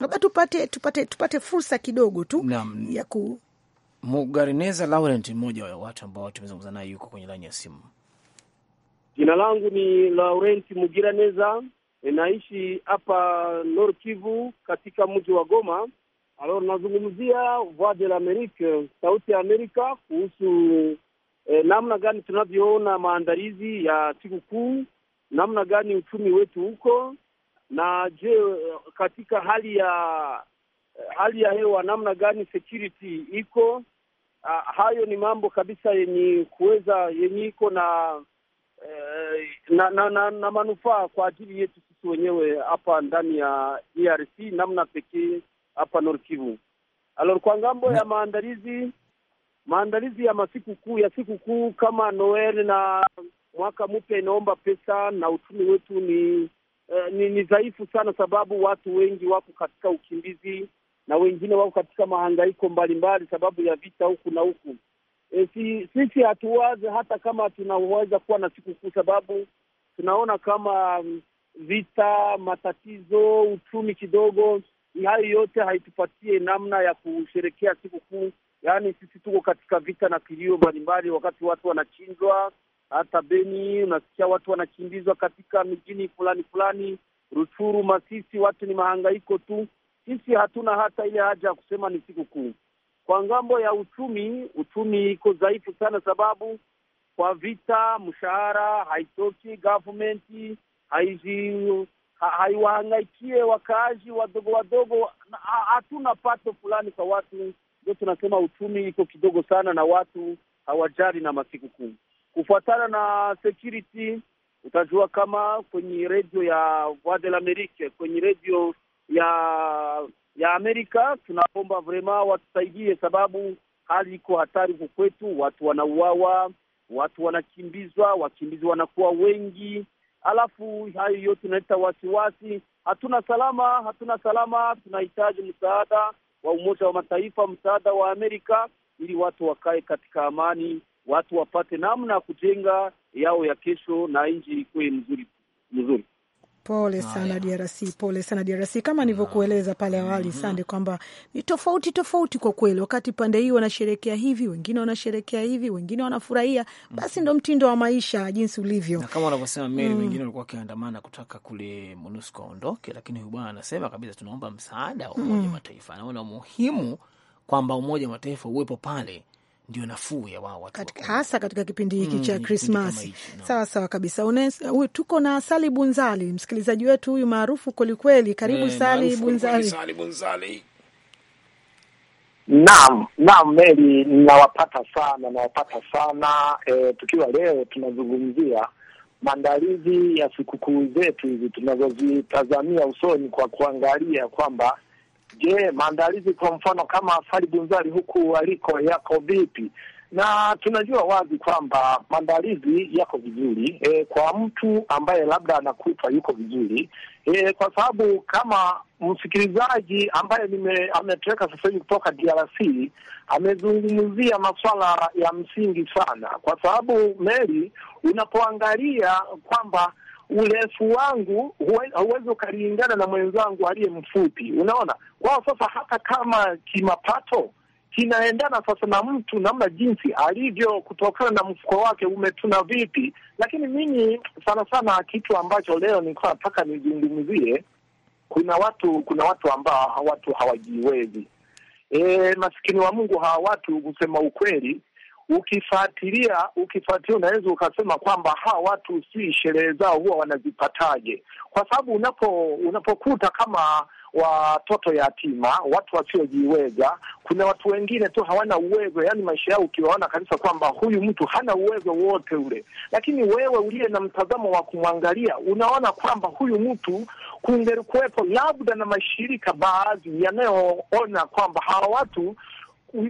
labda tupate, tupate, tupate fursa kidogo tu Naam. ya ku Mugarineza Laurent, mmoja wa watu ambao tumezungumza naye, yuko kwenye laini ya simu. Jina langu ni Laurent Mugiraneza, ninaishi hapa Nord Kivu katika mji wa Goma. Alo, nazungumzia Voix de l'Amerique, sauti ya Amerika, kuhusu eh, namna gani tunavyoona maandalizi ya sikukuu, namna gani uchumi wetu huko, na je, katika hali ya hali ya hewa namna gani security iko. Uh, hayo ni mambo kabisa yenye kuweza yenye iko na, eh, na, na, na, na manufaa kwa ajili yetu sisi wenyewe hapa ndani ya DRC, e namna pekee hapa Norkivu. Alors kwa ngambo ya maandalizi maandalizi ya masiku kuu ya siku kuu kama Noel na mwaka mpya inaomba pesa na uchumi wetu ni eh, ni, ni dhaifu sana, sababu watu wengi wako katika ukimbizi na wengine wako katika mahangaiko mbalimbali sababu ya vita huku na huku. E, si, sisi hatuwaze hata kama tunaweza kuwa na siku kuu, sababu tunaona kama vita, matatizo, uchumi kidogo hayo yote haitupatie namna ya kusherekea sikukuu. Yaani sisi tuko katika vita na kilio mbalimbali, wakati watu wanachinjwa. Hata Beni unasikia watu wanakimbizwa katika mijini fulani fulani, Ruchuru, Masisi, watu ni mahangaiko tu. Sisi hatuna hata ile haja ya kusema ni sikukuu. Kwa ngambo ya uchumi, uchumi iko dhaifu sana, sababu kwa vita mshahara haitoki, government haizi ha, haiwahangaikie wakaazi wadogo wadogo. Hatuna pato fulani kwa watu, ndio tunasema uchumi iko kidogo sana na watu hawajali na masikukuu. Kufuatana na security, utajua kama kwenye redio ya Voix de l'Amerique, kwenye redio ya ya Amerika tunaomba vrema watusaidie, sababu hali iko hatari huku kwetu. Watu wanauawa, watu wanakimbizwa, wakimbizi wanakuwa wengi, alafu hayo yote inaleta wasiwasi. Hatuna salama, hatuna salama. Tunahitaji msaada wa Umoja wa Mataifa, msaada wa Amerika ili watu wakae katika amani, watu wapate namna ya kujenga yao ya kesho na nchi ikuwe mzuri mzuri. Ah, pole sana DRC, pole sana DRC. Kama nilivyokueleza pale ah. awali mm -hmm. Sande kwamba ni tofauti tofauti kwa kweli, wakati pande hii wanasherekea hivi, wengine wanasherekea hivi, wengine wanafurahia, basi mm-hmm. ndo mtindo wa maisha jinsi ulivyo, na kama wanavyosema Meri mm. wengine walikuwa wakiandamana kutaka kule MONUSCO aondoke, lakini huyu bwana anasema kabisa, tunaomba msaada wa Umoja mm. Mataifa. Anaona umuhimu kwamba Umoja wa Mataifa uwepo pale ndio nafuu ya wao katika, hasa katika kipindi hiki mm, cha Krismasi no. Sawa sawa kabisa. Unes, tuko na Sali Bunzali, msikilizaji wetu huyu maarufu kwelikweli. Karibu e, eh, Sali Bunzali, Sali Bunzali. Naam, naam Meli, nawapata sana nawapata sana e, tukiwa leo tunazungumzia maandalizi ya sikukuu zetu hizi tunazozitazamia usoni kwa kuangalia kwamba Je, maandalizi kwa mfano kama fali Bunzari huku aliko yako vipi? Na tunajua wazi kwamba maandalizi yako vizuri e, kwa mtu ambaye labda anakupa yuko vizuri e, kwa sababu kama msikilizaji ambaye ametoweka sasa hivi kutoka DRC amezungumzia masuala ya msingi sana, kwa sababu meli unapoangalia kwamba urefu wangu huwezi ukalingana na mwenzangu aliye mfupi. Unaona, kwao sasa, hata kama kimapato kinaendana sasa na mtu namna jinsi alivyo, kutokana na mfuko wake umetuna vipi. Lakini mimi sana sana kitu ambacho leo nilikuwa nataka nizungumzie, kuna watu kuna watu ambao watu hawajiwezi. E, masikini wa Mungu hawa watu, kusema ukweli ukifuatilia ukifuatilia, unaweza ukasema kwamba hawa watu si sherehe zao huwa wanazipataje? Kwa sababu unapo unapokuta kama watoto yatima, watu wasiojiweza, kuna watu wengine tu hawana uwezo, yaani maisha yao ukiwaona kabisa kwamba huyu mtu hana uwezo wote ule, lakini wewe uliye na mtazamo wa kumwangalia unaona kwamba huyu mtu kungelikuwepo labda na mashirika baadhi yanayoona kwamba hawa watu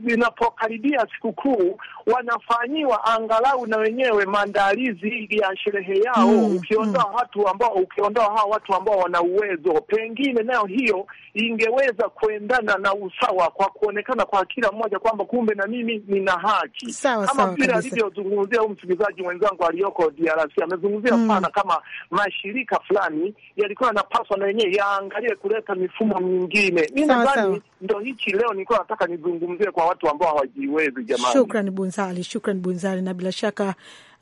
inapokaribia sikukuu wanafanyiwa angalau na wenyewe maandalizi ya sherehe yao, mm, ukiondoa mm, watu ambao ukiondoa hawa watu ambao wana uwezo, pengine nayo hiyo ingeweza kuendana na usawa kwa kuonekana kwa kila mmoja kwamba kumbe na mimi nina haki kama vile alivyozungumzia huyu msikilizaji mwenzangu aliyoko DRC amezungumzia mm, sana kama mashirika fulani yalikuwa yanapaswa na wenyewe yaangalie kuleta mifumo mingine. Mimi nadhani ndo hichi leo nilikuwa nataka nizungumzie kwa watu ambao hawajiwezi. Jamani, shukran Bunzali, shukran Bunzali, na bila shaka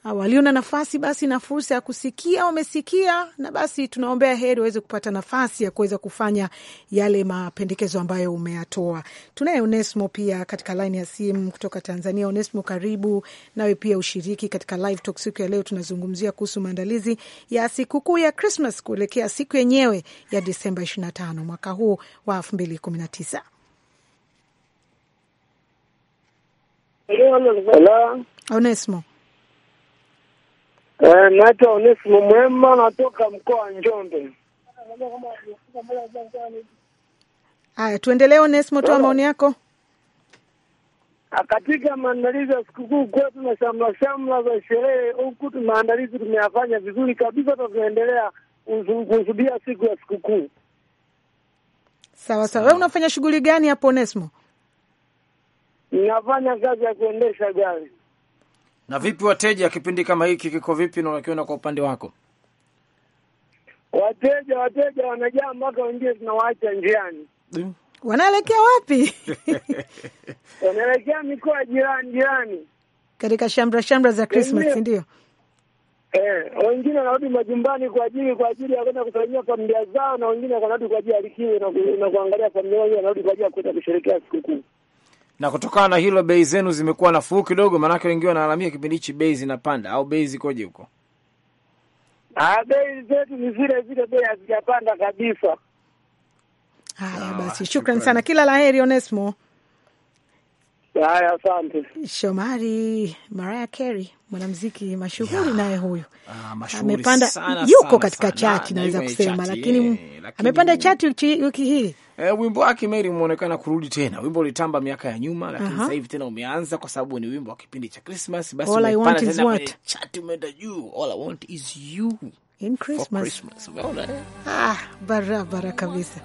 ah, walio na nafasi basi na fursa ya kusikia wamesikia, na basi tunaombea heri waweze kupata nafasi ya kuweza kufanya yale mapendekezo ambayo umeyatoa. Tunaye Onesmo pia katika laini ya simu kutoka Tanzania. Onesmo, karibu nawe pia ushiriki katika live talk siku ya leo. Tunazungumzia kuhusu maandalizi ya sikukuu ya Krismas kuelekea siku yenyewe ya Disemba 25 mwaka huu wa 219 Hello. onesimo Eh, naitwa Onesimo Mwema natoka mkoa wa Njombe. Haya, tuendelee Onesimo, toa maoni yako. Ah, katika maandalizi ya sikukuu kwetu na shamla shamla za sherehe huku, maandalizi tumeyafanya vizuri kabisa, tunaendelea kusudia siku ya sikukuu. Sawa sawa, wewe unafanya shughuli gani hapo Onesimo? Ninafanya kazi ya kuendesha gari. Na vipi wateja, kipindi kama hiki kiko vipi na unakiona kwa upande wako? Wateja wateja wanajaa mpaka wengine tunawaacha njiani. Mm. Wanaelekea wapi? Wanaelekea mikoa jirani jirani, katika shamra shamra za Christmas, ndio? Eh, wengine wanarudi majumbani kwa ajili kwa ajili ya kwenda kusalimia familia zao, na wengine wanarudi kwa ajili ya likizo na kuangalia familia, wanarudi kwa ajili ya kwenda kusherehekea sikukuu na kutokana na hilo bei zenu zimekuwa nafuu kidogo, maanake wengi wanalalamika kipindi hichi bei zinapanda, au bei zikoje huko? Ah, bei zetu ni zile zile, bei hazijapanda kabisa. Haya ah, basi, shukran sana, kila la heri Onesmo. Haya, asante Shomari. Mariah Carey mwanamziki mashuhuri naye huyu ah, amepanda, yuko katika chati, naweza kusema, lakini amepanda chati wiki hii E, wimbo wake Mary umeonekana kurudi tena. Wimbo ulitamba miaka ya nyuma, lakini sasa hivi tena umeanza kwa sababu ni wimbo wa kipindi cha Christmas. Basi all I umepanda tena kwenye chati, umeenda juu. All I want is you in Christmas. For Christmas. Eh? Ah, barabara kabisa.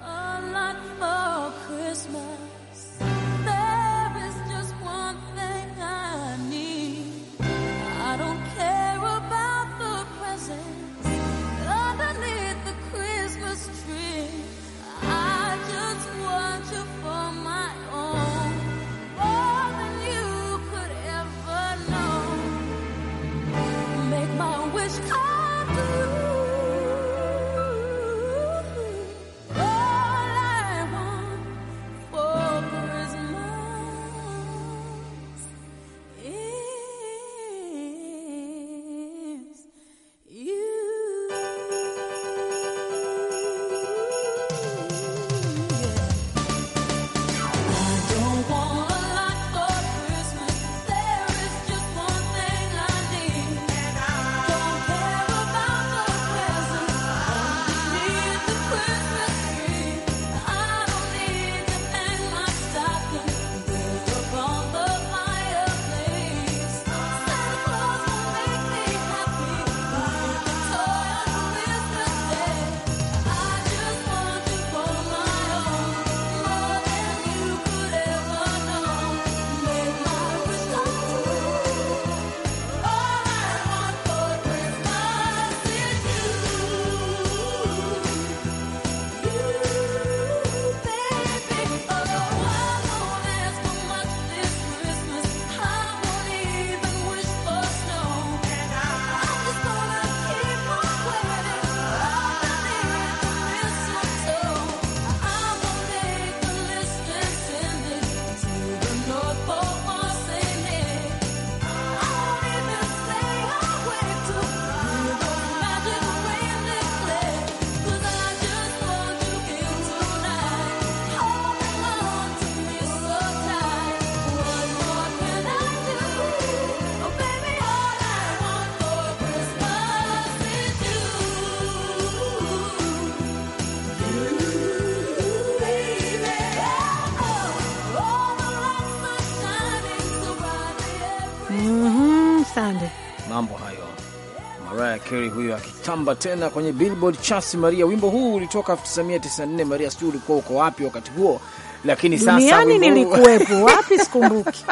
Carey huyo akitamba tena kwenye Billboard charts. Maria, wimbo huu ulitoka 1994. Maria, sijui ulikuwa uko wapi wakati huo, lakini duniani sasa wimbo... nilikuwepo wapi sikumbuki.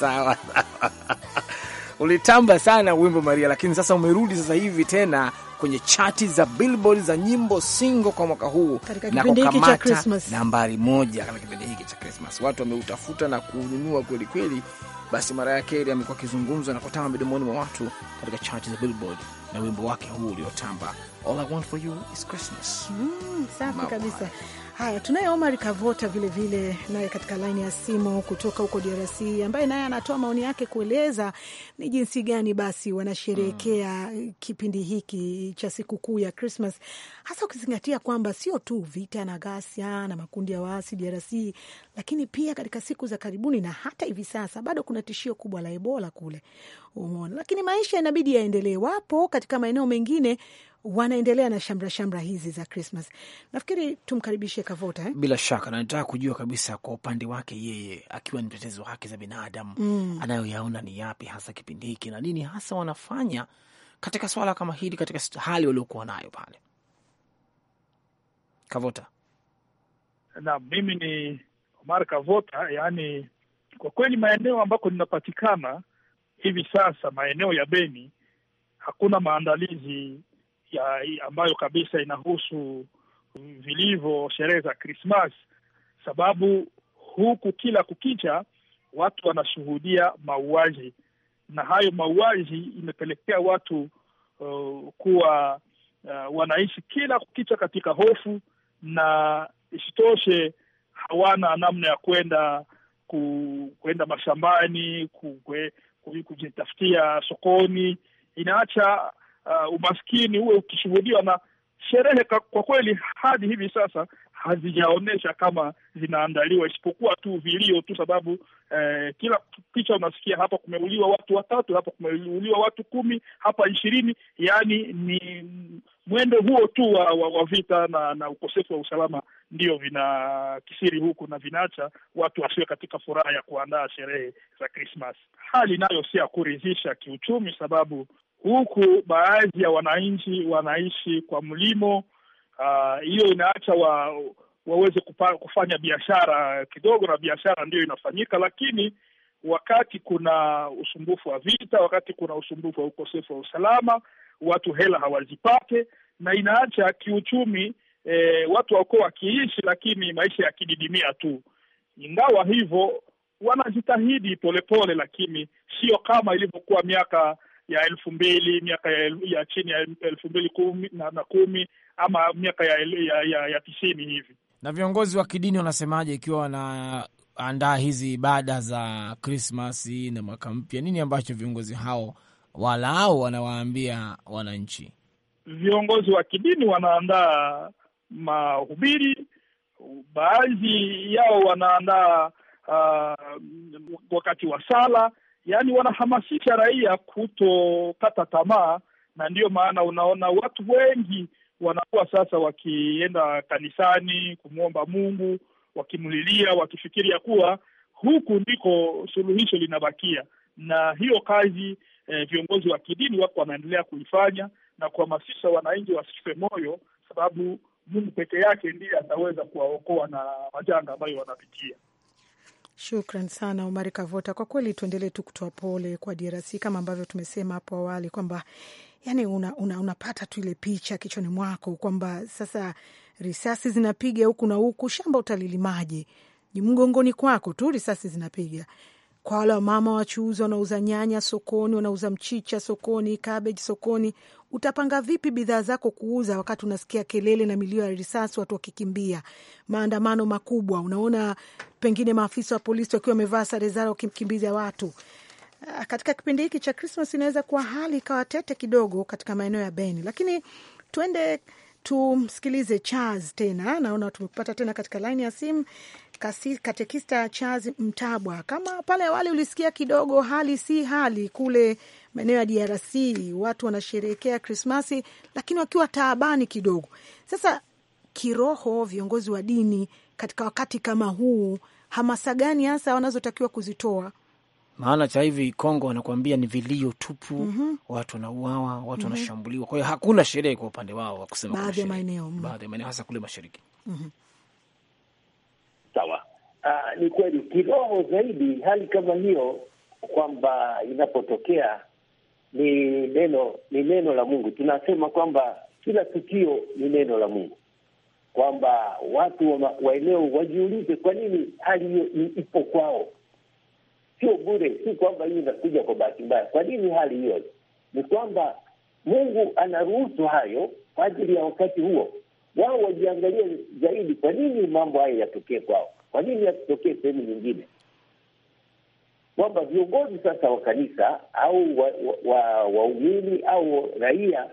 sawa ulitamba sana wimbo Maria, lakini sasa umerudi sasa hivi tena kwenye chati za Billboard za nyimbo single kwa mwaka huu na kukamata nambari moja katika kipindi hiki cha Christmas. Watu wameutafuta na kununua kweli kweli basi Mariah Carey amekuwa akizungumzwa na kutamba midomoni mwa watu katika chati za Billboard na wimbo wake huu uliotamba All I Want For You Is Christmas. Mm, safi kabisa. Haya, tunaye Omar Kavota vilevile naye katika laini ya simu kutoka huko DRC, ambaye naye anatoa maoni yake kueleza ni jinsi gani basi wanasherehekea mm. kipindi hiki cha sikukuu ya Krismas, hasa ukizingatia kwamba sio tu vita na ghasia na makundi ya waasi DRC, lakini pia katika siku za karibuni na hata hivi sasa bado kuna tishio kubwa la Ebola kule, umeona. Lakini maisha inabidi yaendelee, wapo katika maeneo mengine wanaendelea na shamra shamra hizi za Krismas. Nafikiri tumkaribishe Kavota eh? Bila shaka na nitaka kujua kabisa kwa upande wake yeye, akiwa ni mtetezi wa haki za binadamu mm, anayoyaona ni yapi hasa kipindi hiki na nini hasa wanafanya katika swala kama hili, katika hali waliokuwa nayo pale. Kavota. Na mimi ni Omar Kavota, yaani kwa kweli maeneo ambako ninapatikana hivi sasa, maeneo ya Beni, hakuna maandalizi ya ambayo kabisa inahusu vilivyo sherehe za Krismas, sababu huku kila kukicha watu wanashuhudia mauaji, na hayo mauaji imepelekea watu uh, kuwa uh, wanaishi kila kukicha katika hofu, na isitoshe hawana namna ya kwenda ku, kwenda mashambani ku, kujitafutia sokoni, inaacha uh, umaskini huwe ukishuhudiwa na sherehe kwa kweli hadi hivi sasa hazijaonyesha kama zinaandaliwa isipokuwa tu vilio tu, sababu eh, kila picha unasikia hapa kumeuliwa watu watatu, hapa kumeuliwa watu kumi, hapa ishirini. Yaani ni mwendo huo tu wa, wa, wa vita na, na ukosefu wa usalama ndio vinakisiri huku na vinaacha watu wasiwe katika furaha ya kuandaa sherehe za Krismas. Hali nayo si ya kuridhisha kiuchumi, sababu huku baadhi ya wananchi wanaishi kwa mlimo. Ah, hiyo uh, inaacha wa, waweze kupa, kufanya biashara kidogo, na biashara ndiyo inafanyika, lakini wakati kuna usumbufu wa vita, wakati kuna usumbufu wa ukosefu wa usalama, watu hela hawazipate, na inaacha kiuchumi eh, watu wako wakiishi, lakini maisha yakididimia tu. Ingawa hivyo wanajitahidi polepole lakini sio kama ilivyokuwa miaka ya elfu mbili miaka ya, ya chini ya elfu mbili kumi na, na kumi ama miaka ya, ya, ya, ya tisini hivi. Na viongozi wa kidini wanasemaje ikiwa wanaandaa hizi ibada za Krismasi na mwaka mpya? Nini ambacho viongozi hao walao wanawaambia wananchi? Viongozi wa kidini wanaandaa mahubiri, baadhi yao wanaandaa uh, wakati wa sala yaani wanahamasisha raia kutokata tamaa, na ndiyo maana unaona watu wengi wanakuwa sasa wakienda kanisani kumwomba Mungu, wakimlilia, wakifikiria kuwa huku ndiko suluhisho linabakia. Na hiyo kazi eh, viongozi wa kidini wako wanaendelea kuifanya na kuhamasisha wananchi wasife moyo, sababu Mungu peke yake ndiye ataweza kuwaokoa na majanga ambayo wanapitia. Shukran sana Omari Kavota, kwa kweli tuendelee tu kutoa pole kwa DRC kama ambavyo tumesema hapo awali kwamba yani unapata una, una tu ile picha kichwani mwako kwamba sasa risasi zinapiga huku na huku, shamba utalilimaje? Ni Mgongoni kwako tu risasi zinapiga. Kwa wale wamama wachuuzi wanauza nyanya sokoni, wanauza mchicha sokoni, kabeji sokoni, utapanga vipi bidhaa zako kuuza wakati unasikia kelele na milio ya risasi, watu wakikimbia, maandamano makubwa, unaona pengine maafisa wa polisi wakiwa wamevaa sare zao wakimkimbiza watu. Ah, katika kipindi hiki cha Krismas inaweza kuwa hali ikawa tete kidogo katika maeneo ya Beni, lakini tuende tumsikilize Charles tena. Naona tumepata tena katika laini ya simu katekista Charles Mtabwa. Kama pale awali ulisikia kidogo, hali si hali kule maeneo ya DRC, watu wanasherehekea Krismasi lakini wakiwa taabani kidogo. Sasa kiroho, viongozi wa dini katika wakati kama huu hamasa gani hasa wanazotakiwa kuzitoa? Maana cha hivi Kongo wanakuambia ni vilio tupu. mm -hmm. Watu wanauawa, watu mhm. wanashambuliwa. mm -hmm. Kwa hiyo hakuna sherehe kwa upande wao wa kusema mm. baadhi ya maeneo mm -hmm. hasa kule mashariki. mm -hmm. Sawa. Uh, ni kweli kiroho zaidi hali kama hiyo kwamba inapotokea ni neno ni neno la Mungu. Tunasema kwamba kila tukio ni neno la Mungu kwamba watu waeneo wajiulize kwa nini hali hiyo ipo kwao. Sio bure, si kwamba hiyo inakuja kwa bahati mbaya. Kwa nini hali hiyo? Ni kwamba Mungu anaruhusu hayo kwa ajili ya wakati huo. Wao wajiangalie zaidi, kwa nini mambo hayo yatokee kwao? Kwa nini yatokee sehemu nyingine? Kwamba viongozi sasa wa kanisa au waumini wa, wa au raia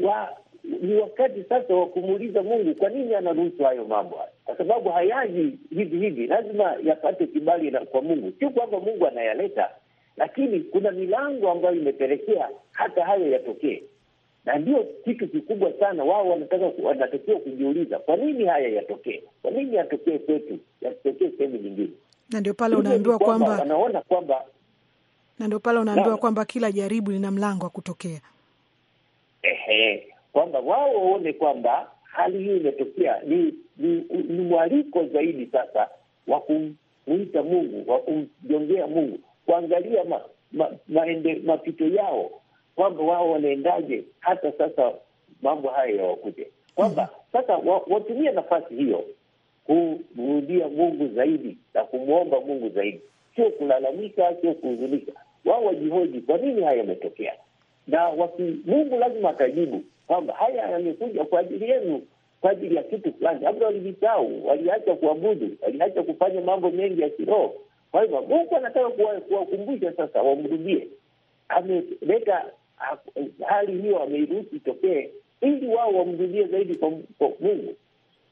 wa ni wakati sasa wa kumuuliza Mungu kwa nini anaruhusu hayo mambo haya, kwa sababu hayaji hivi hivi, lazima yapate kibali na kwa Mungu. Sio kwamba Mungu anayaleta, lakini kuna milango ambayo imepelekea hata hayo yatokee, na ndio kitu kikubwa sana. Wao wanataka wanatakiwa kujiuliza, kwa nini haya yatokee? Kwa nini yatokee kwetu, yasitokee sehemu nyingine? Na ndio pale unaambiwa kwamba wanaona kwamba, na ndio pale unaambiwa kwamba kila jaribu lina mlango wa kutokea. Ehe kwamba wao waone kwamba hali hii imetokea ni, ni, ni mwaliko zaidi sasa wa kumwita Mungu wa kumjongea Mungu, kuangalia ma, ma, maende, mapito yao kwamba wao wanaendaje hata sasa mambo hayo yawakute, kwamba sasa wa, watumie nafasi hiyo kumrudia Mungu zaidi na kumwomba Mungu zaidi, sio kulalamika, sio kuhuzunika. Wao wajihoji kwa nini haya yametokea, na waki, Mungu lazima atajibu kwamba haya yamekuja kwa ajili yenu, kwa ajili ya kitu fulani. Labda walivisahau, waliacha kuabudu, waliacha kufanya mambo mengi ya kiroho. Kwa hivyo Mungu anataka kuwakumbusha sasa, wamrudie. Ameleta hali hiyo, ameiruhusu itokee ili wao wamrudie zaidi kwa Mungu.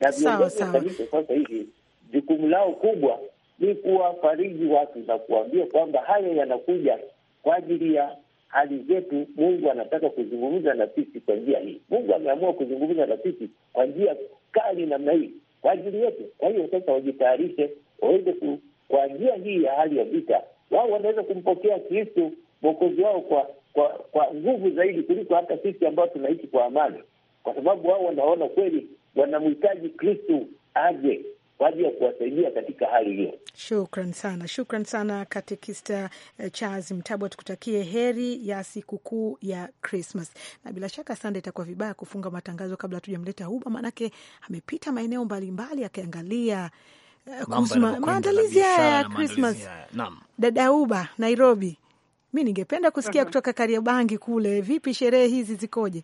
Na viongozi wa kanisa sasa hivi jukumu lao kubwa ni kuwafariji watu na kuwaambia kwamba haya yanakuja kwa ajili ya hali zetu, Mungu anataka kuzungumza na sisi kwa njia hii. Mungu ameamua kuzungumza na sisi kwa njia kali namna hii kwa ajili yetu. Kwa hiyo sasa wajitayarishe waweze ku, kwa njia hii ya hali ya vita, wao wanaweza kumpokea Kristo mwokozi wao kwa kwa kwa nguvu zaidi kuliko hata sisi ambao tunaishi kwa amani, kwa sababu wao wanaona kweli wanamhitaji Kristo aje kwa ajili ya kuwasaidia katika hali hiyo. Shukran sana, shukran sana Katekista eh, Charles Mtabwa, tukutakie heri ya sikukuu ya Krismas. Na bila shaka Sande, itakuwa vibaya kufunga matangazo kabla hatujamleta Huba, maanake amepita maeneo mbalimbali akiangalia eh, maandalizi haya ya Krismas. Dada Uba, Nairobi, mi ningependa kusikia kutoka Kariobangi kule, vipi sherehe hizi zikoje?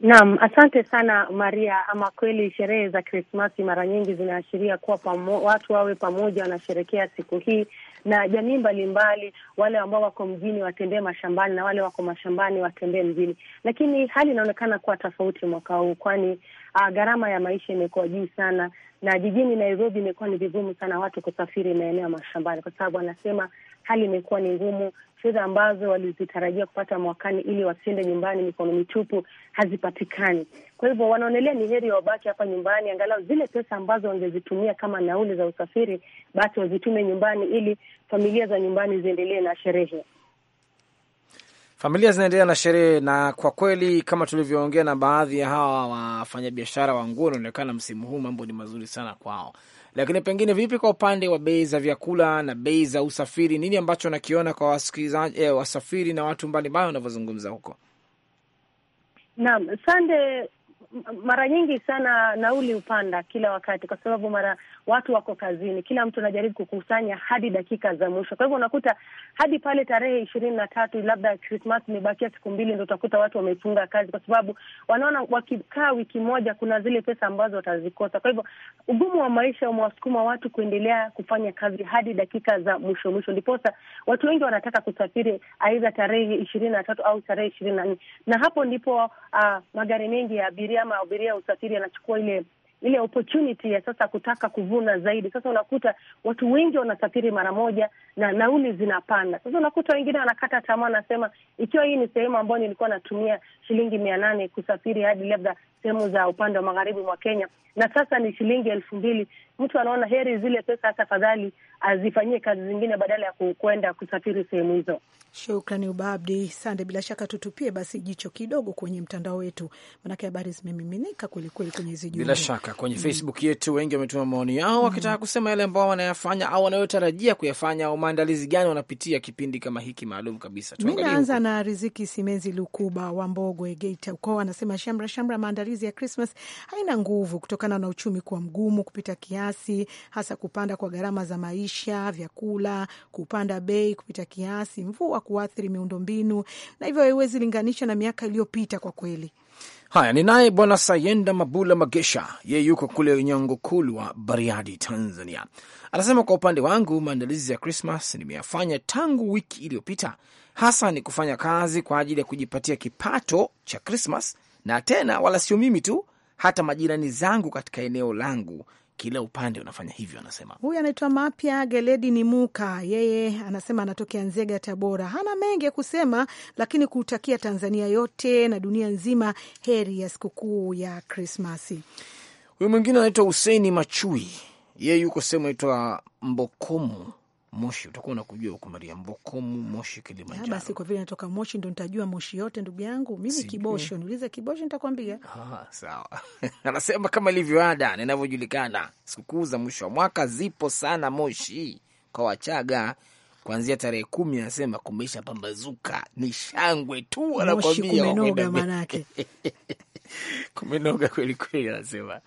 Naam, asante sana Maria. Ama kweli sherehe za Krismasi mara nyingi zinaashiria kuwa pamo, watu wawe pamoja wanasherekea siku hii na jamii mbalimbali, wale ambao wako mjini watembee mashambani na wale wako mashambani watembee mjini. Lakini hali inaonekana kuwa tofauti mwaka huu, kwani ah, gharama ya maisha imekuwa juu sana, na jijini Nairobi imekuwa ni vigumu sana watu kusafiri maeneo ya mashambani, kwa sababu wanasema hali imekuwa ni ngumu, fedha ambazo walizitarajia kupata mwakani ili wasiende nyumbani mikono mitupu hazipatikani. Kwa hivyo wanaonelea ni heri wabaki hapa nyumbani, angalau zile pesa ambazo wangezitumia kama nauli za usafiri, basi wazitume nyumbani ili familia za nyumbani ziendelee na sherehe. Familia zinaendelea na sherehe, na kwa kweli kama tulivyoongea na baadhi ya hawa wafanyabiashara wa nguo, wanaonekana msimu huu mambo ni mazuri sana kwao. Lakini pengine vipi kwa upande wa bei za vyakula na bei za usafiri, nini ambacho nakiona kwa wasikilizaji eh, wasafiri na watu mbalimbali wanavyozungumza huko? Naam, sande. Mara nyingi sana nauli hupanda kila wakati, kwa sababu mara watu wako kazini, kila mtu anajaribu kukusanya hadi dakika za mwisho. Kwa hivyo unakuta hadi pale tarehe ishirini na tatu, labda Krismas imebakia siku mbili, ndo utakuta watu wamefunga kazi, kwa sababu wanaona wakikaa wiki moja kuna zile pesa ambazo watazikosa. Kwa hivyo ugumu wa maisha umewasukuma watu kuendelea kufanya kazi hadi dakika za mwisho mwisho, ndiposa watu wengi wanataka kusafiri aidha tarehe ishirini na tatu au tarehe ishirini na nne na hapo ndipo uh, magari mengi ya abiria ama abiria usafiri yanachukua ile ile opportunity ya sasa kutaka kuvuna zaidi. Sasa unakuta watu wengi wanasafiri mara moja na nauli zinapanda. Sasa unakuta wengine wanakata tamaa, nasema ikiwa hii ni sehemu ambayo nilikuwa natumia shilingi mia nane kusafiri hadi labda sehemu za upande wa magharibi mwa Kenya, na sasa ni shilingi elfu mbili. Mtu anaona heri zile pesa hata afadhali azifanyie kazi zingine badala ya kwenda kusafiri sehemu hizo. Shukrani Ubabdi Sande. Bila shaka tutupie basi jicho kidogo kwenye mtandao wetu, manake habari zimemiminika kwelikweli kwenye hizi jumbe. Bila shaka kwenye mm. Facebook yetu wengi wametuma maoni yao mm. wakitaka mm. kusema yale ambao wanayafanya au wanayotarajia kuyafanya au maandalizi gani wanapitia kipindi kama hiki maalum kabisa. Mi naanza na Riziki Simezi Lukuba wa Mbogwe, Geita. Ukoo anasema shamra shamra maandalizi maandalizi ya Krismas haina nguvu kutokana na uchumi kuwa mgumu kupita kiasi, hasa kupanda kwa gharama za maisha, vyakula kupanda bei kupita kiasi, mvua kuathiri miundombinu, na hivyo haiwezi linganisha na miaka iliyopita kwa kweli. Haya, ni naye Bwana Sayenda Mabula Magesha, yeye yuko kule Nyang'okulwa, Bariadi, Tanzania. Anasema, kwa upande wangu maandalizi ya Krismas nimeyafanya tangu wiki iliyopita, hasa ni kufanya kazi kwa ajili ya kujipatia kipato cha Krismas na tena wala sio mimi tu, hata majirani zangu katika eneo langu kila upande unafanya hivyo, anasema. Huyu anaitwa Mapya Geledi ni Muka, yeye anasema anatokea Nzega, Tabora. Hana mengi ya kusema, lakini kuutakia Tanzania yote na dunia nzima heri ya sikukuu ya Krismasi. Huyu mwingine anaitwa Huseini Machui, yeye yuko sehemu naitwa Mbokomu Moshi utakuwa unakujua huko Mariambo, Komu, Moshi, Kilimanjaro. Ah, basi kwa vile natoka Moshi ndo nitajua Moshi yote, ndugu yangu mimi. Kibosho, niulize Kibosho nitakwambia. Ah, sawa. Anasema kama ilivyo ada, ninavyojulikana, sikukuu za mwisho wa mwaka zipo sana Moshi kwa Wachaga kuanzia tarehe kumi anasema kumeisha pambazuka, ni shangwe tu, anakwambia kumenoga, kumenoga kwelikweli, anasema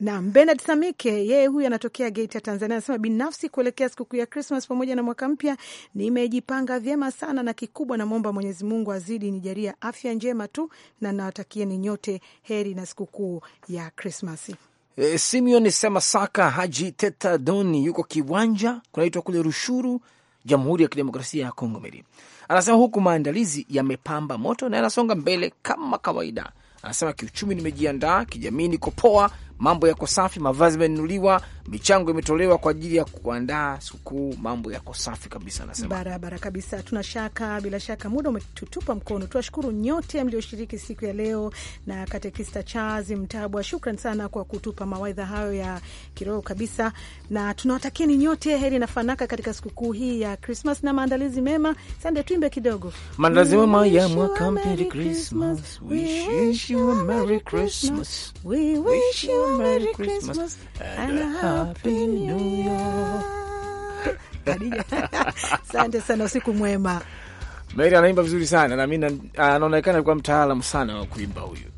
Nam Benard Samike, yeye huyu anatokea Geita, Tanzania, anasema binafsi, kuelekea sikukuu ya Krismas pamoja na mwaka mpya, nimejipanga vyema sana, na kikubwa namwomba Mwenyezi Mungu azidi nijalia afya njema tu, na ni nyote heri na sikukuu ya Krismasi. E, Simeon Samasaka Haji Teta Doni yuko kiwanja kunaitwa kule Rushuru, Jamhuri ya Kidemokrasia ya Kongo meri, anasema huku maandalizi yamepamba moto na yanasonga mbele kama kawaida. Anasema kiuchumi nimejiandaa, kijamii niko poa, mambo yako safi, mavazi yamenunuliwa, michango imetolewa kwa ajili ya kuandaa sikukuu. Mambo yako safi kabisa, nasema barabara kabisa, tuna shaka. Bila shaka muda umetutupa mkono. Tuwashukuru nyote mlioshiriki siku ya leo, na katekista Charles Mtabwa, shukran sana kwa kutupa mawaidha hayo ya kiroho kabisa, na tunawatakieni nyote heri na fanaka katika sikukuu hii ya Krismas na maandalizi mema. Sande, tuimbe kidogo, maandalizi mema ya mwaka mpya. Merry Christmas and a Happy New Year. Asante sana, usiku mwema. Mary anaimba vizuri sana na mimi anaonekana kuwa mtaalamu sana wa kuimba huyu.